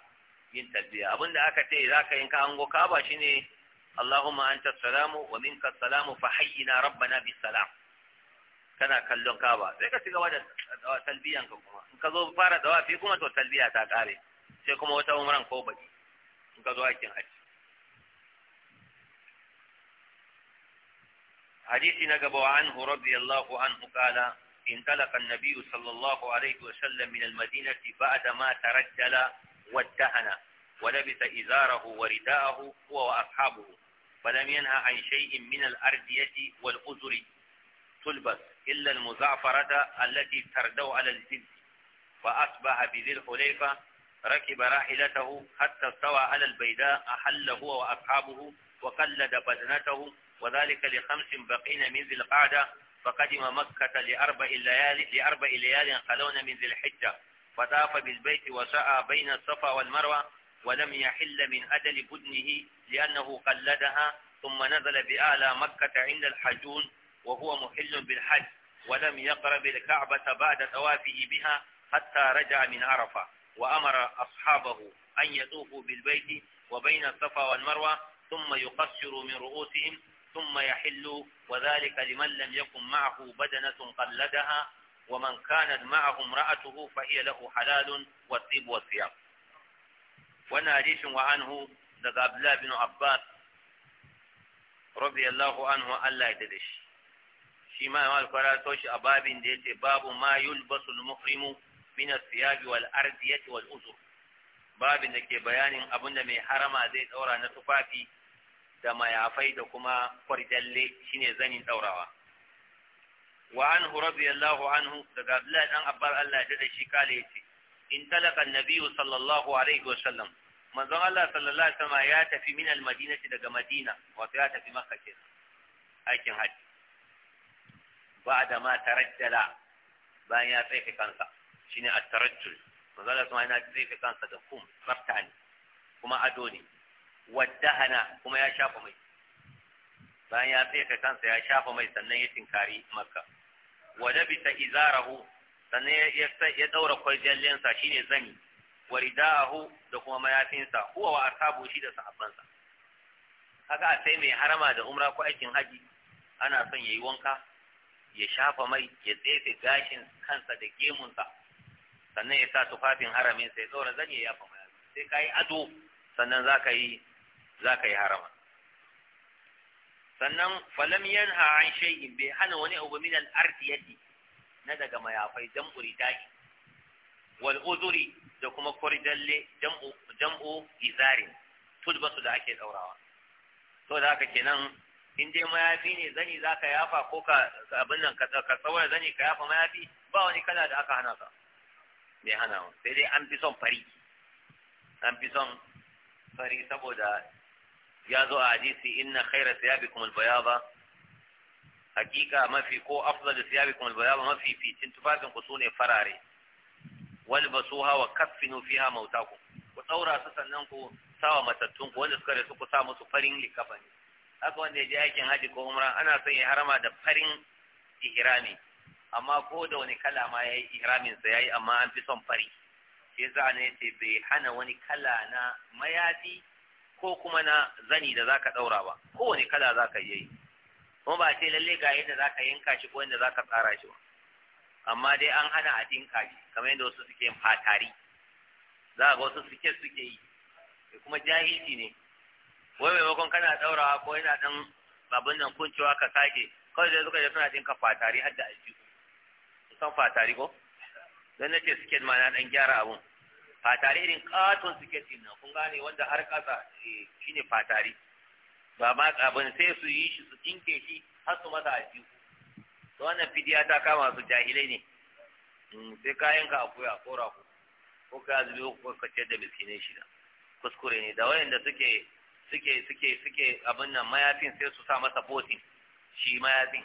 yin Abin abinda aka ce za ka yin ka hango kaba shine Allahumma anta salamu wa minka salamu fa hayyina rabbana bis salam kana kallon kaba sai ka ci gaba da talbiyan ka kuma in ka zo fara dawafi kuma to talbiya ta kare sai kuma wata umran ko baki in ka zo aikin aiki. حديث نقب عنه رضي الله عنه قال انطلق النبي صلى الله عليه وسلم من المدينة بعدما ترجل واتهن ولبس إزاره ورداءه هو وأصحابه فلم ينهى عن شيء من الأردية والأزر تلبس إلا المزعفرة التي تردو على الزل فأصبح بذي الحليفة ركب راحلته حتى استوى على البيداء أحل هو وأصحابه وقلد بدنته وذلك لخمس بقين من ذي القعدة فقدم مكة لأربع ليال لأربع ليال خلون من ذي الحجة فطاف بالبيت وسعى بين الصفا والمروة ولم يحل من أدل بدنه لأنه قلدها ثم نزل بأعلى مكة عند الحجون وهو محل بالحج ولم يقرب الكعبة بعد توافه بها حتى رجع من عرفة وأمر أصحابه أن يطوفوا بالبيت وبين الصفا والمروة ثم يقصروا من رؤوسهم ثم يحل وذلك لمن لم يكن معه بدنة قلدها ومن كانت معه امرأته فهي له حلال والطيب والثياب وانا حديث وعنه دقى عبد بن عباس رضي الله عنه الله يددش شما ما القراتوش أباب ديت باب ما يلبس المحرم من الثياب والأردية والأزر باب دكي بيان أبن من حرم زيت أورا نتفافي da mayafai da kuma kwarjalle shine zanin ɗaurawa. wa anhu radiyallahu anhu daga Abdullahi dan Abbar Allah da shi ya ce. in talaka annabiyyu sallallahu alaihi wa sallam manzon Allah sallallahu alaihi wasallam ya tafi min shi daga Madina wato ya tafi maka ke aikin haji ba'da ma tarajjala bayan ya tsaife kansa shine at-tarajjul manzon Allah sallallahu alaihi wasallam ya tsaife kansa da kum tsafta ne kuma ado ne waddahana kuma ya shafa mai bayan ya ka kansa ya shafa mai sannan ya tinkari makka wada bisa izarahu sannan ya daura shi shine zani wa rida'ahu da kuma mayafinsa huwa wa asabu shi da sahabbansa kaga a sai mai harama da umra ko aikin haji ana son yayi wanka ya shafa mai ya tsefe gashin kansa da gemunsa sannan ya sa tufafin haramin sai daura zani ya yafa mayafi sai ka yi ado sannan za ka yi za ka yi harama sannan falam yanha an shay'in bai hana wani abu min al na daga mayafai jam'u ridai wal uzuri da kuma koridalle jam'u jam'u izari tulbasu da ake daurawa to da haka kenan in dai mayafi ne zani zaka yafa ko ka abin nan ka tsawaya zani ka yafa mayafi ba wani kala da aka hana ka mai hana sai dai an fi son fari an fi son fari saboda ya zo a hadisi inna khaira thiyabikum al-bayaba hakika mafi ko afdal thiyabikum al-bayaba mafi fitin tufafin ku sune farare wal basuha wa kaffinu fiha mautakum ku daura su sannan ku sawa matattun ku wanda suka rasu ku sa musu farin likafani haka wanda ya je aikin haji ko umra ana son ya harama da farin ihrami amma ko da wani kala ma yayi ihramin sa yayi amma an fi son fari shi yasa ne ce bai hana wani kala na mayafi ko kuma na zani da zaka daura ba kowane za zaka yi kuma ba ce lalle ga yadda zaka yanka shi ko yadda zaka tsara shi ba amma dai an hana a dinka shi kamar yadda wasu suke fatari za ga wasu suke suke yi kuma jahilci ne wai maimakon kana daurawa ko yana dan babun nan kuncewa ka sake kawai da suka je suna dinka fatari har da aljihu san fatari ko don na ce suke ma na dan gyara abun fatari irin katon suke na kun gane wanda har kasa eh, shine fatari ba ma kabin sai su yi shi su tinke shi har su masa aljihu to wannan fidiya ta kama su jahilai ne mm, sai kayan ka akwai a kora ku ko ka zubi ko ka ce da miskinai shida kuskure ne da wayanda suke suke suke suke abin nan mayafin sai su sa masa botin shi mayafin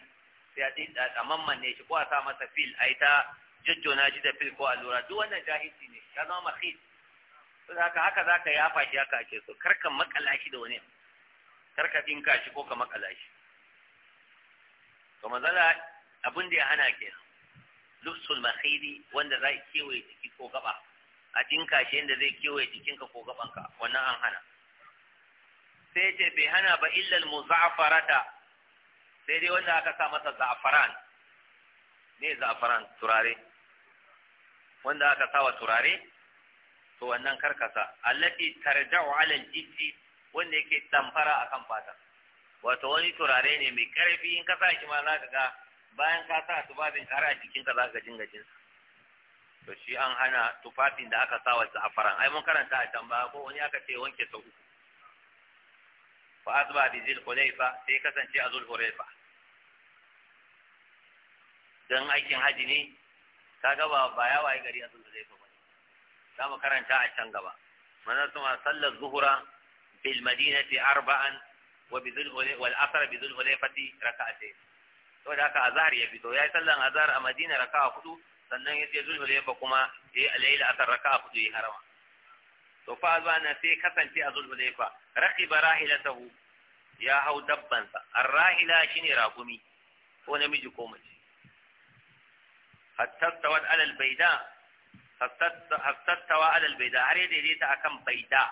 sai a ɗin a mamman ne shi ko a sa masa fil a ta. jujjona shi da fil ko lura duk wannan jahilci ne ya zama makhis saboda haka haka zaka yafa shi haka ake so karka makala shi da wani karka dinka shi ko ka makala shi to manzala abin da ya hana ke lusul mahidi wanda zai kewaye jiki ko gaba a dinka shi yadda zai kewaye jikinka ko gabanka wannan an hana sai ce bai hana ba illa muza'farata sai dai wanda aka sa masa za'faran ne za'faran turare wanda aka sawa turare to wannan karkasa allati tarja'u 'ala al-jiddi wanda yake damfara akan fata wato wani turare ne mai karfi in ka sa shi ma zaka ga bayan ka sa tufafin kare a cikin ka zaka jin gajin to shi an hana tufafin da aka sawa za'afaran ai mun karanta a can ko wani aka ce wanke sau uku fa asba bi zil hulaifa sai kasance a zul hulaifa dan aikin haji ne kaga ba ba ya waye gari azun da zai fa bane za karanta a can gaba manzon sama sallar zuhura bil madinati arba'an wa bi dhul wal asr bi dhul hulayfati rak'atayn to da haka azhar ya fito yayi sallan azhar a madina raka hudu sannan ya je dhul hulayfa kuma yayi alayla asr raka hudu ya harama to fa azana sai kasance a dhul hulayfa raqiba rahilatahu ya hau dabbansa arrahila shine ragumi ko namiji ko mace hatta tawad alal baida hatta tawa alal baida har ya daidaita akan baida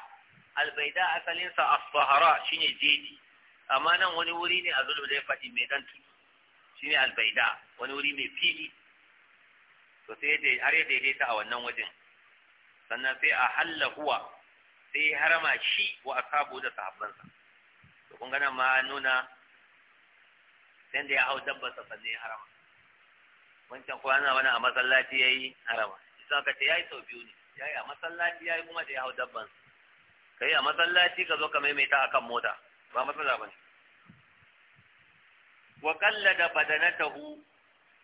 al baida asalin sa as-sahara shine jeji amma nan wani wuri ne a da zulul faɗi mai dan tudu shine al baida wani wuri mai fili to sai dai har ya daidaita a wannan wajen sannan sai a halla huwa sai harama shi wa asabu da sahabbansa to kun ga nan ma nuna sai da ya hau dabba sa sannan ya harama wancan kwana wani a masallaci ya yi harama isa ka ce ya yi sau biyu ne ya yi a masallaci ya yi kuma da ya hau dabban ka yi a masallaci ka zo ka maimaita a kan mota ba matsala ba ne wa kallada badanatahu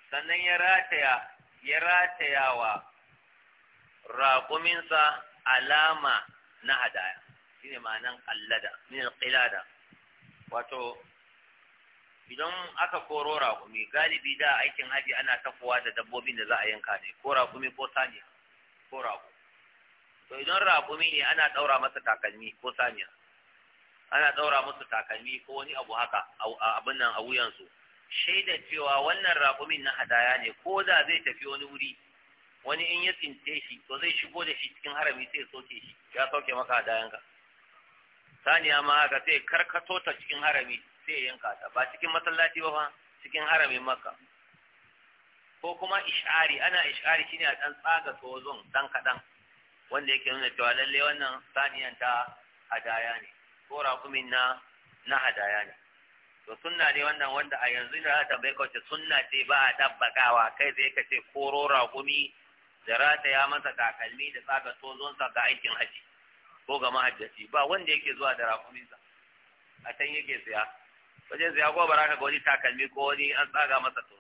sannan ya rataya ya ratayawa raƙuminsa alama na hadaya shine ma'anan kallada min qilada wato idan aka koro raƙumi galibi da aikin haji ana tafowa da dabbobin da za a yanka ne ko raƙumi ko saniya ko raƙo to idan raƙumi ne ana ɗaura masa takalmi ko saniya ana ɗaura masa takalmi ko wani abu haka abin nan a wuyansu shaida cewa wannan raƙumin na hadaya ne ko da zai tafi wani wuri wani in ya tsinte shi to zai shigo da shi cikin harami sai soke shi ya sauke maka hadayanka saniya ma haka sai karkato ta cikin harami sai ya yanka ta ba cikin masallaci ba fa cikin haramin makka ko kuma ish'ari ana ish'ari shine a dan tsaga tozon dan kadan wanda yake nuna cewa lalle wannan saniyan ta hadaya ne ko rakumin na na hadaya ne to sunna ne wannan wanda a yanzu da ta bai kauce sunna ce ba a dabbakawa kai zai kace koro rakumi da rata ya masa takalmi da tsaga tozonsa ga aikin haji ko ga mahajjaci ba wanda yake zuwa da rakuminsa a can yake siya wajen zai ko baraka ga wani takalmi ko wani an tsaga masa to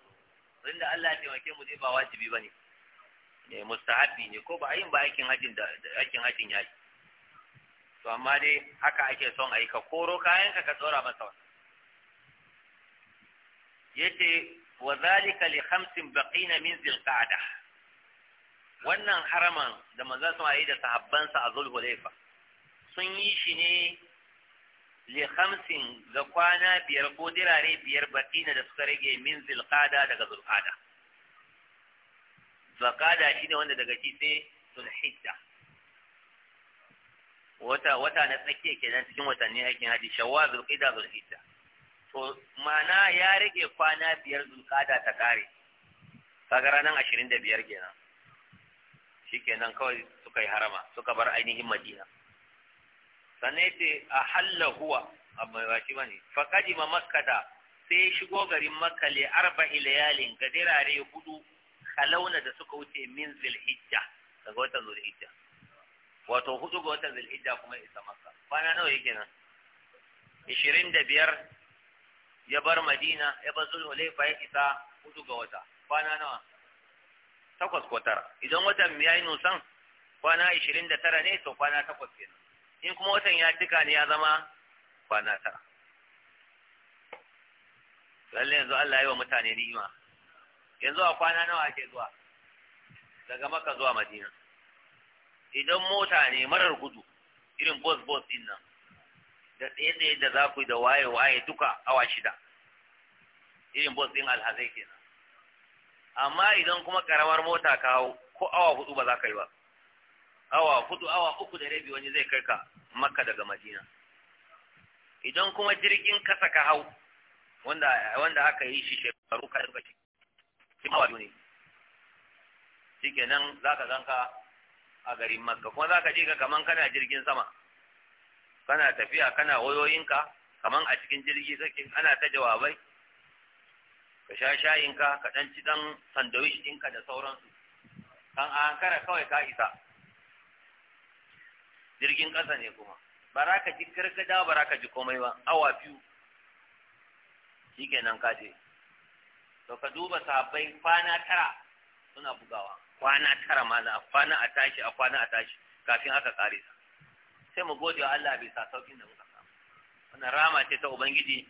da Allah ya taimake mu dai ba wajibi ba ne mustahabi ne ko ba a ba aikin hajin da aikin hajin yayi to amma dai haka ake son aika koro kayan ka ka tsora masa wannan yace wa zalika li khamsin baqina min zil qa'da wannan haraman da manzon sa yi da sahabbansa a zulhulaifa sun yi shi ne li khamsin ga kwana biyar ko dirare biyar batina da suka rage min zulqada daga zulqada shi shine wanda daga shi sai zulhijja wata wata na tsakiya kenan cikin watanni aikin haji shawwal zulqida zulhijja to mana ya rage kwana biyar zulqada ta kare kaga ranar ashirin da biyar kenan shikenan kawai suka yi harama suka bar ainihin madina sannan a ahalla huwa amma ba ne bane ma qadima sai shigo garin Makkale arba ilayalin layalin gadirare hudu kalauna da suka wuce min zilhijja daga watan zilhijja wato hudu ga watan zilhijja kuma isa makka kwana nawa yake nan Ishirin da biyar ya bar madina ya bar laifa ya isa hudu ga wata kwana nawa takwas ko tara idan watan ya yi nusan kwana ishirin da tara ne to kwana takwas kenan in kuma watan ya cika ne ya zama kwana tara lalle yanzu Allah ya yi wa mutane ni'ima yanzu a kwana nawa ake zuwa daga maka zuwa madina idan mota ne marar gudu irin bus bus din nan da tsaye tsaye da za ku yi da waye waye duka awa shida irin bus din alhazai kenan amma idan kuma karamar mota kawo, ko awa hudu ba za ka yi ba awa hudu awa uku da rabi wani zai kai ka makka daga madina idan kuma jirgin kasa ka hau wanda wanda aka yi shi shekaru ka duka shi awa nan za zaka zanka a garin makka kuma zaka je ka kaman kana jirgin sama kana tafiya kana wayoyinka kaman a cikin jirgi kake ana ta jawabai ka sha shayinka ka dan ci dan sandwich ɗinka da sauransu kan an kara kawai ka isa jirgin ƙasa ne kuma ba za ka ji gargada ba za ka ji komai ba awa biyu shi kenan ka je to ka duba sabai kwana tara suna bugawa kwana tara maza a kwana a tashi a kwana a tashi kafin aka kare sa sai mu gode wa Allah bai sa saukin da muka samu wannan rama ce ta ubangiji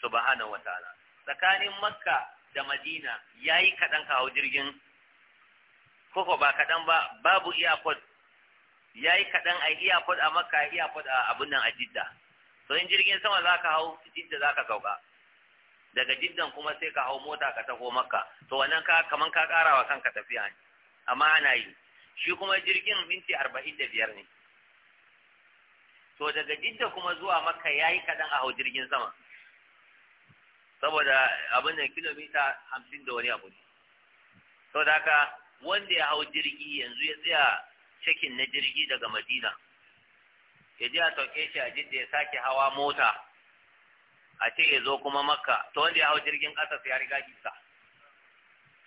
subhanahu wataala tsakanin makka da madina yayi kadan kawo jirgin koko ba kadan ba babu airport ya yi kaɗan a iya faɗa a makka a iya faɗa a abin nan a jidda to in jirgin sama za ka hau jidda za ka sauka daga jiddan kuma sai ka hau mota ka taho makka to wannan ka kaman ka ƙara wa kanka tafiya ne amma ana yi shi kuma jirgin minti arba'in da biyar ne to daga jidda kuma zuwa makka ya yi kaɗan a hau jirgin sama saboda abin nan kilomita hamsin da wani abu ne saboda haka wanda ya hau jirgi yanzu ya tsaya cikin na jirgi daga madina ya je a sauke shi a jidda ya sake hawa mota a ce ya zo kuma makka to wanda ya hau jirgin ƙasa sai ya riga isa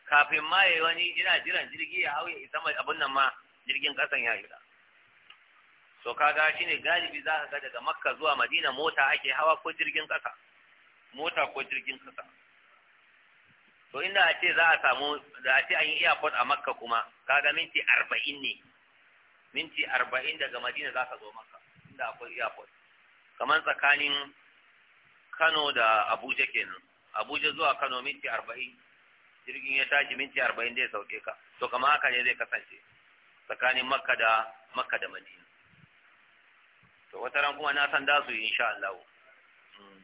kafin ma ya yi wani ina jiran jirgi ya hau ya isa mai abin nan ma jirgin ƙasan ya isa so ga shi ne galibi za ka ga daga makka zuwa madina mota ake hawa ko jirgin ƙasa mota ko jirgin ƙasa to inda a ce za a samu da a ce an yi airport a makka kuma ka ga minti arba'in ne minti arba'in daga madina za ka zo maka inda akwai airport kamar tsakanin kano da abuja kenan abuja zuwa kano minti arba'in jirgin ya tashi minti arba'in zai sauke ka to kama haka ne zai kasance tsakanin makka da makka da madina to wata ran kuma na san da su insha Allah mm.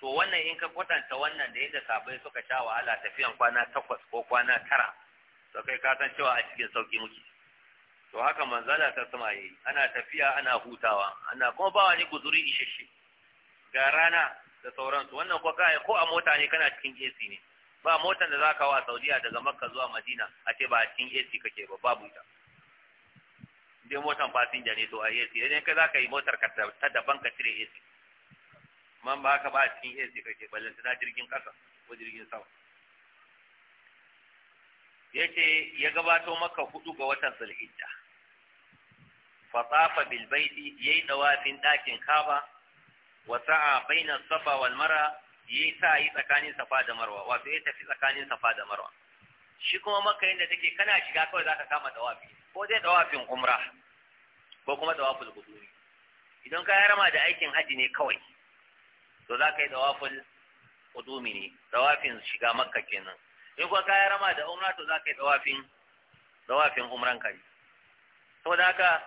to wannan in ka kwatanta wannan da yadda sabai suka sha wahala tafiyan kwana takwas ko kwana tara to kai ka san cewa a cikin sauki muke to haka manzala ta sama yi ana tafiya ana hutawa ana kuma ba wani guzuri isheshe ga rana da sauransu wannan kuwa kai ko a mota ne kana cikin AC ne ba mota da zaka wa Saudiya daga Makka zuwa Madina a ce ba a cikin AC kake ba babu ita dai motar fasinja ne to a AC idan kai zaka yi motar ka ta daban ka cire AC man ba ka ba a cikin AC kake ballan ta jirgin kasa ko jirgin sama yace ya gabato maka hudu ga watan Zulhijja fatafa bil baiti yayi dawafin dakin kaba wa sa'a baina safa wal marwa yayi yi tsakanin safa da marwa wato yayi tafi tsakanin safa da marwa shi kuma maka yadda take kana shiga kawai zaka kama dawafi ko dai dawafin umra ko kuma dawaful qudumi idan ka yarama da aikin haji ne kawai to zaka yi dawaful qudumi ne dawafin shiga makka kenan in kuma ka yarama da umra to zaka yi dawafin dawafin umran ka ne saboda haka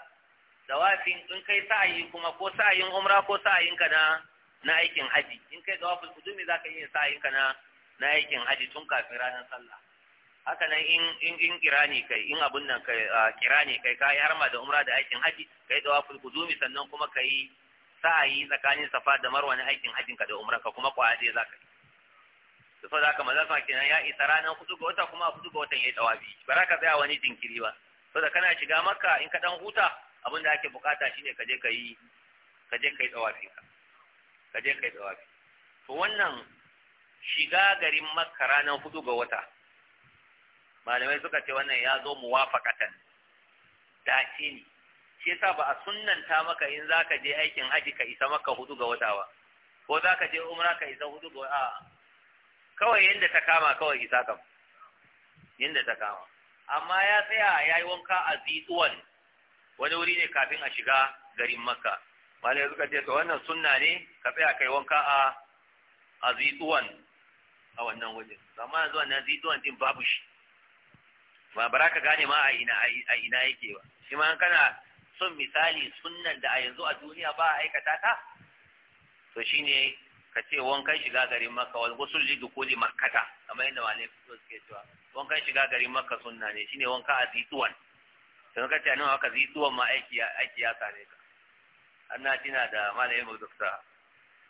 dawafin in kai sa'ayi kuma ko sa'ayin umra ko sa'ayin ka na na aikin haji in kai dawafin kudumi zaka yi sa'ayin ka na na aikin haji tun kafin ranar sallah haka nan in in in kirani kai in abun nan kai kirani kai ka harma da umra da aikin haji kai dawafin kudumi sannan kuma kai sa'ayi tsakanin safa da marwa na aikin hajin ka da umra ka kuma kwa dai zaka yi to saboda haka maza sa kenan ya isa ranar kudu ga wata kuma kudu ga watan yayi tawabi baraka tsaya wani jinkiri ba saboda kana shiga makka in ka dan huta abin da ake bukata shine ka je ka yi ka je ka yi tsawafi ka je ka yi tsawafi to wannan shiga garin makka ranar hudu ga wata malamai suka ce wannan ya zo mu muwafaqatan dace ne shi yasa ba a sunnanta maka in zaka je aikin haji ka isa maka hudu ga wata ba ko zaka je umra ka isa hudu ga wata kawai yanda ta kama kawai isa kam yanda ta kama amma ya tsaya ya yi wanka a zitsuwan wani wuri ne kafin a shiga garin makka malai suka ce to wannan sunna ne ka tsaya kai wanka a a zituwan a wannan wajen amma yanzu wannan zituwan din babu shi ba bara ka gane ma a ina a ina yake ba shi ma kana son misali sunnan da a yanzu a duniya ba a aikata ta to shine ka ce wankan shiga garin maka wal gusul li dukuli makkata kamar yadda malai suke cewa wankan shiga garin maka sunna ne shine wanka a zituwan sun kace a haka ka zi ma aiki ya sare ka an tina da malamin mu dokta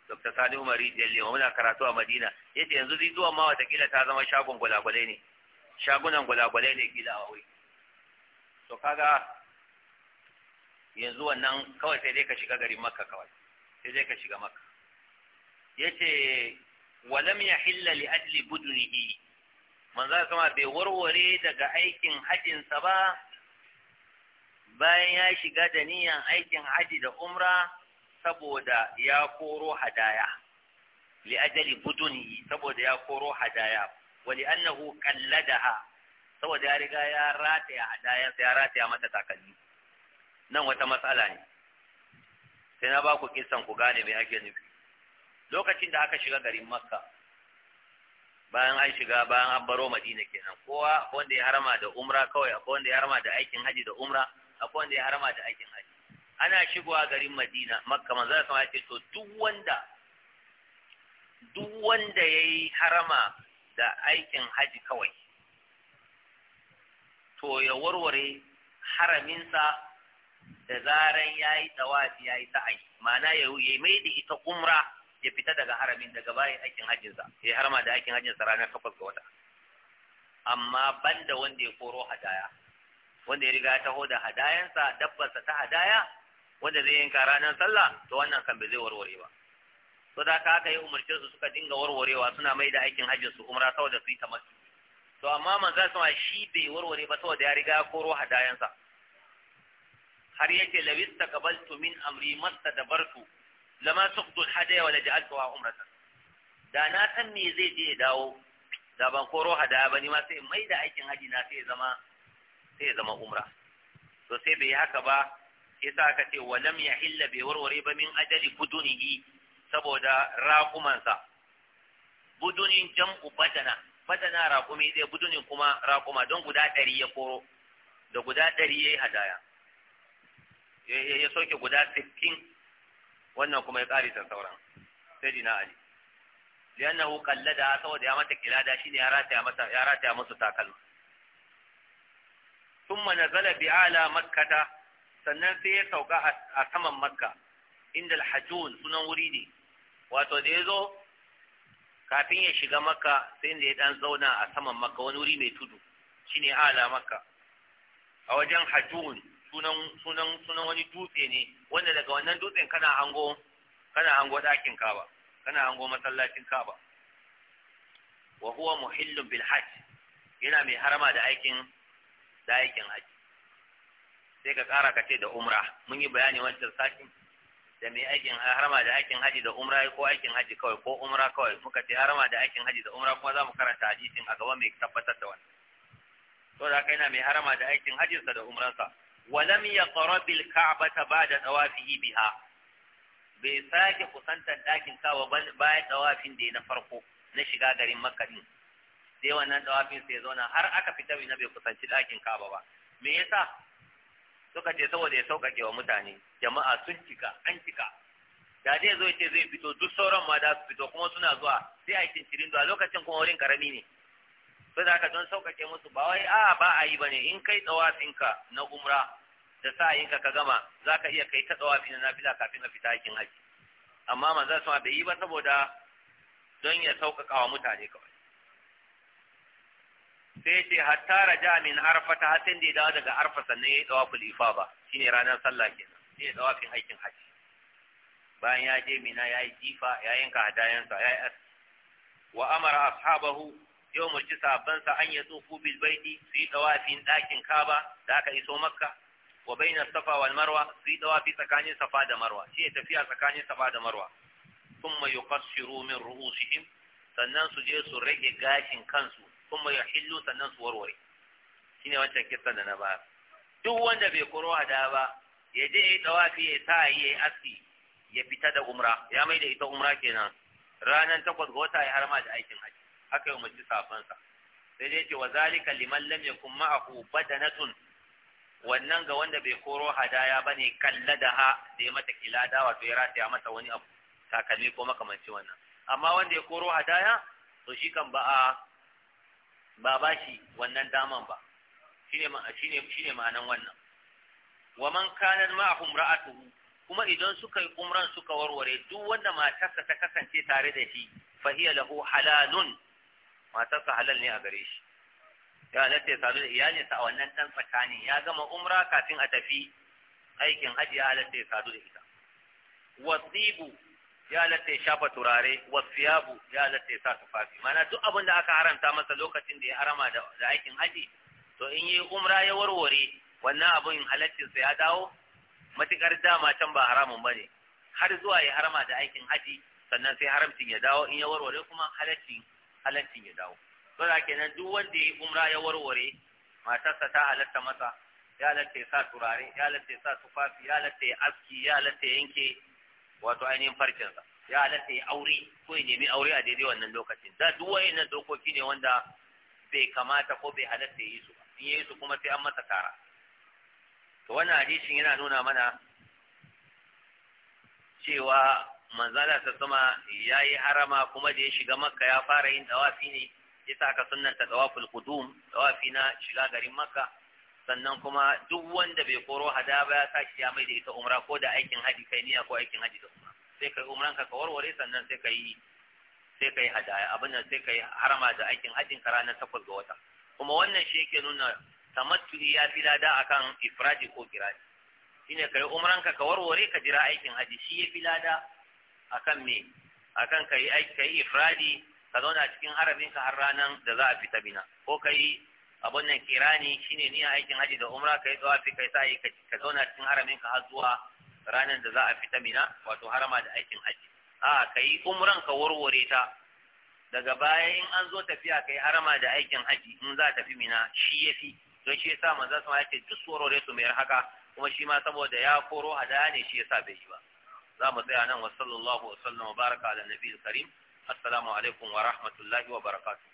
dokta sani umar Jelle mu muna karatu a madina yace yanzu zai tuwon ma watakila ta zama shagon gwalagwale ne shagunan gwalagwale ne kila a wai to kaga yanzu wannan kawai sai dai ka shiga garin makka kawai sai dai ka shiga makka yace walam yahilla li ajli budunihi manzo kuma bai warware daga aikin sa ba bayan ya shiga da niyan aikin haji da umra saboda ya koro hadaya li ajali buduni saboda ya koro hadaya wa li annahu qalladaha saboda ya riga ya rataya hadaya ya rataya mata takalmi nan wata matsala ne sai na ba ku kisan ku gane me ake nufi lokacin da aka shiga garin makka bayan an shiga bayan an baro madina kenan kowa wanda ya harma da umra kawai akwai wanda ya harma da aikin haji da umra akwai wanda ya harama da aikin haji ana shigowa garin madina makka manzo sama ya ce to duk wanda duk wanda ya yi harama da aikin haji kawai to ya warware haraminsa da zaran ya yi yayi ya yi ma'ana ya yi mai da ita umra ya fita daga haramin daga bayan aikin sa ya harama da aikin sa ranar takwas ga wata amma banda wanda ya koro hadaya wanda ya riga ya taho da hadayansa dabbarsa ta hadaya wanda zai yanka ranar sallah to wannan kan bai zai warware ba to da ka aka yi umarce su suka dinga warwarewa suna mai da aikin hajjin su umra saboda su yi ta masu to amma za su shi bai warware ba saboda ya riga ya koro hadayansa har yake lawis taqabaltu min amri mastadbartu lama wala ja'altu wa umrata da na san me zai je dawo da ban koro hadaya ba ni ma sai mai da aikin haji na sai zama sai ya zama umra to sai bai haka ba yasa aka ce wa lam yahilla bai warware ba min ajali budunihi saboda raƙumansa budunin jam'u badana badana raƙumi dai budunin kuma raƙuma don guda ɗari ya koro da guda ɗari ya yi hadaya ya soke guda sittin wannan kuma ya ƙarisa sauran sai dina ali liyannahu kallada saboda ya mata kilada shine ya rataya mata ya rataya musu takalma thumma zala bi ala makkata sannan sai ya sauka a saman makka inda alhajun sunan wuri ne wato da ya zo kafin ya shiga makka sai da ya dan zauna a saman makka wani wuri mai tudu shine ala makka a wajen hajun sunan wani dutse ne wanda daga wannan dutsen kana hango kana hango dakin kaba kana hango masallacin kaba wa huwa muhillun bil hajj yana mai harama da aikin da haji sai ka kara ka ce da umra mun yi bayani wancan sakin da mai aikin harama da aikin haji da umra ko aikin haji kawai ko umra kawai muka ce harama da aikin haji da umra kuma za mu karanta hadisin a gaba mai tabbatar da wannan to da kai na mai harama da aikin sa da wa lam yaqrab al-ka'bata ba'da tawafihi biha bai sake kusantar dakin kawa bayan tawafin da na farko na shiga garin makka din sai wannan tawafin sai zauna har aka fita mina bai kusanci ɗakin Ka'aba ba me yasa suka ce saboda ya sauƙaƙe wa mutane jama'a sun cika an cika da dai zo ce zai fito duk sauran ma da su fito kuma suna zuwa sai a yi cincirin zuwa lokacin kuma wurin karami ne sai da don sauƙaƙe musu ba wai a ba a yi bane in kai tsawafinka na umra da sa'ayinka ka gama za ka iya kai ta tsawafi na nafila kafin a fita aikin haji amma manzon sama bai yi ba saboda don ya sauƙaƙa wa mutane kawai sai ce hatta raja min arfa ta hatin da ya dawo daga arfa sannan ya yi ba. Shi ne ranar sallah kenan sai ya tsawafin aikin hajji bayan ya je mina ya yi jifa ya yanka hadayensa ya yi as wa amara ashabahu yau ci sabansa an ya tsofu bil baiti su yi tsawafin ɗakin kaba da aka iso makka wa bayna safa wal marwa su yi tsawafi tsakanin safa da marwa shi ne tafiya tsakanin safa da marwa kwas yuqassiru min ru'usihim sannan su je su rage gashin kansu kuma ya hillu sannan su warware shi ne wancan kisan da na ba duk wanda bai koro hada ba ya je ya yi tsawafi ya sa ya yi aski ya fita da umra ya mai da ita umra kenan ranar takwas ga wata ya harma da aikin haji haka yi umarci safansa sai dai ce wa zalika liman lam yakun ma'ahu badanatun wannan ga wanda bai koro hadaya ba ne kalla da ha da ya mata kilada wato ya rataya mata wani abu takalmi ko makamanci wannan amma wanda ya koro hadaya to shi kan ba a ba ba shi wannan daman ba shine shine ma'anan wannan wa man kanar ma'ahum ra'atuhu kuma idan suka yi umran suka warware duk wanda matarsa ta kasance tare da shi fa hiya lahu halalun matarsa halal ne a gare shi ya halatta ya sadu da iyalinsa a wannan dan tsakanin ya gama umra kafin a tafi aikin hajji ya halatta ya sadu da ita wasibu ya halatta shafa turare wasiyabu ya halatta sa tufafi mana duk abin da aka haramta masa lokacin da ya harama da aikin haji to in yi umra ya warware wannan abin halaccinsa ya dawo matukar dama can ba haramun bane har zuwa ya harama da aikin haji sannan sai haramcin ya dawo in ya warware kuma halaccin halaccin ya dawo to da kenan duk wanda ya umra ya warware matarsa ta halatta masa ya halatta sa turare ya halatta sa tufafi ya halatta aski ya halatta yanke wato ainihin farkinsa. ya halatta ya aure ko ya nemi aure a daidai wannan lokacin da duk wayannan dokoki ne wanda bai kamata ko bai halatta ya yi su ba in ya yi su kuma sai an masa kara to wannan hadisin yana nuna mana cewa manzala ta sama ya yi harama kuma da ya shiga makka ya fara yin dawafi ne ya sa aka sunanta dawaful kudum dawafi na shiga garin makka sannan kuma duk wanda bai koro hada ba ya sake ya mai da ita umra ko da aikin haji kai niya ko aikin haji da umra sai kai umran ka ka warware sannan sai kai sai kai hadaya abin nan sai kai harama da aikin hajin ka ranar takwas ga wata kuma wannan shi yake nuna tamattu ya fi lada akan ifradi ko kirani shine kai umran ka ka warware ka jira aikin haji shi ya fi lada akan me akan kai aiki kai ifradi ka zauna cikin haramin ka har ranan da za a fita bina ko kai abun nan kirani shine niyan aikin haji da umra kai tsawafi kai sai ka zauna cikin haramin ka har zuwa ranar da za a fita mina wato harama da aikin haji a kai umran ka warware ta daga baya in an zo tafiya kai harama da aikin haji in za tafi mina shi yafi don shi yasa manzo sama yake duk warware su mai haka kuma shi ma saboda ya koro hadaya ne shi yasa bai yi ba za mu tsaya nan wa sallallahu wa sallam wa baraka ala nabiyil karim assalamu alaikum wa rahmatullahi wa barakatuh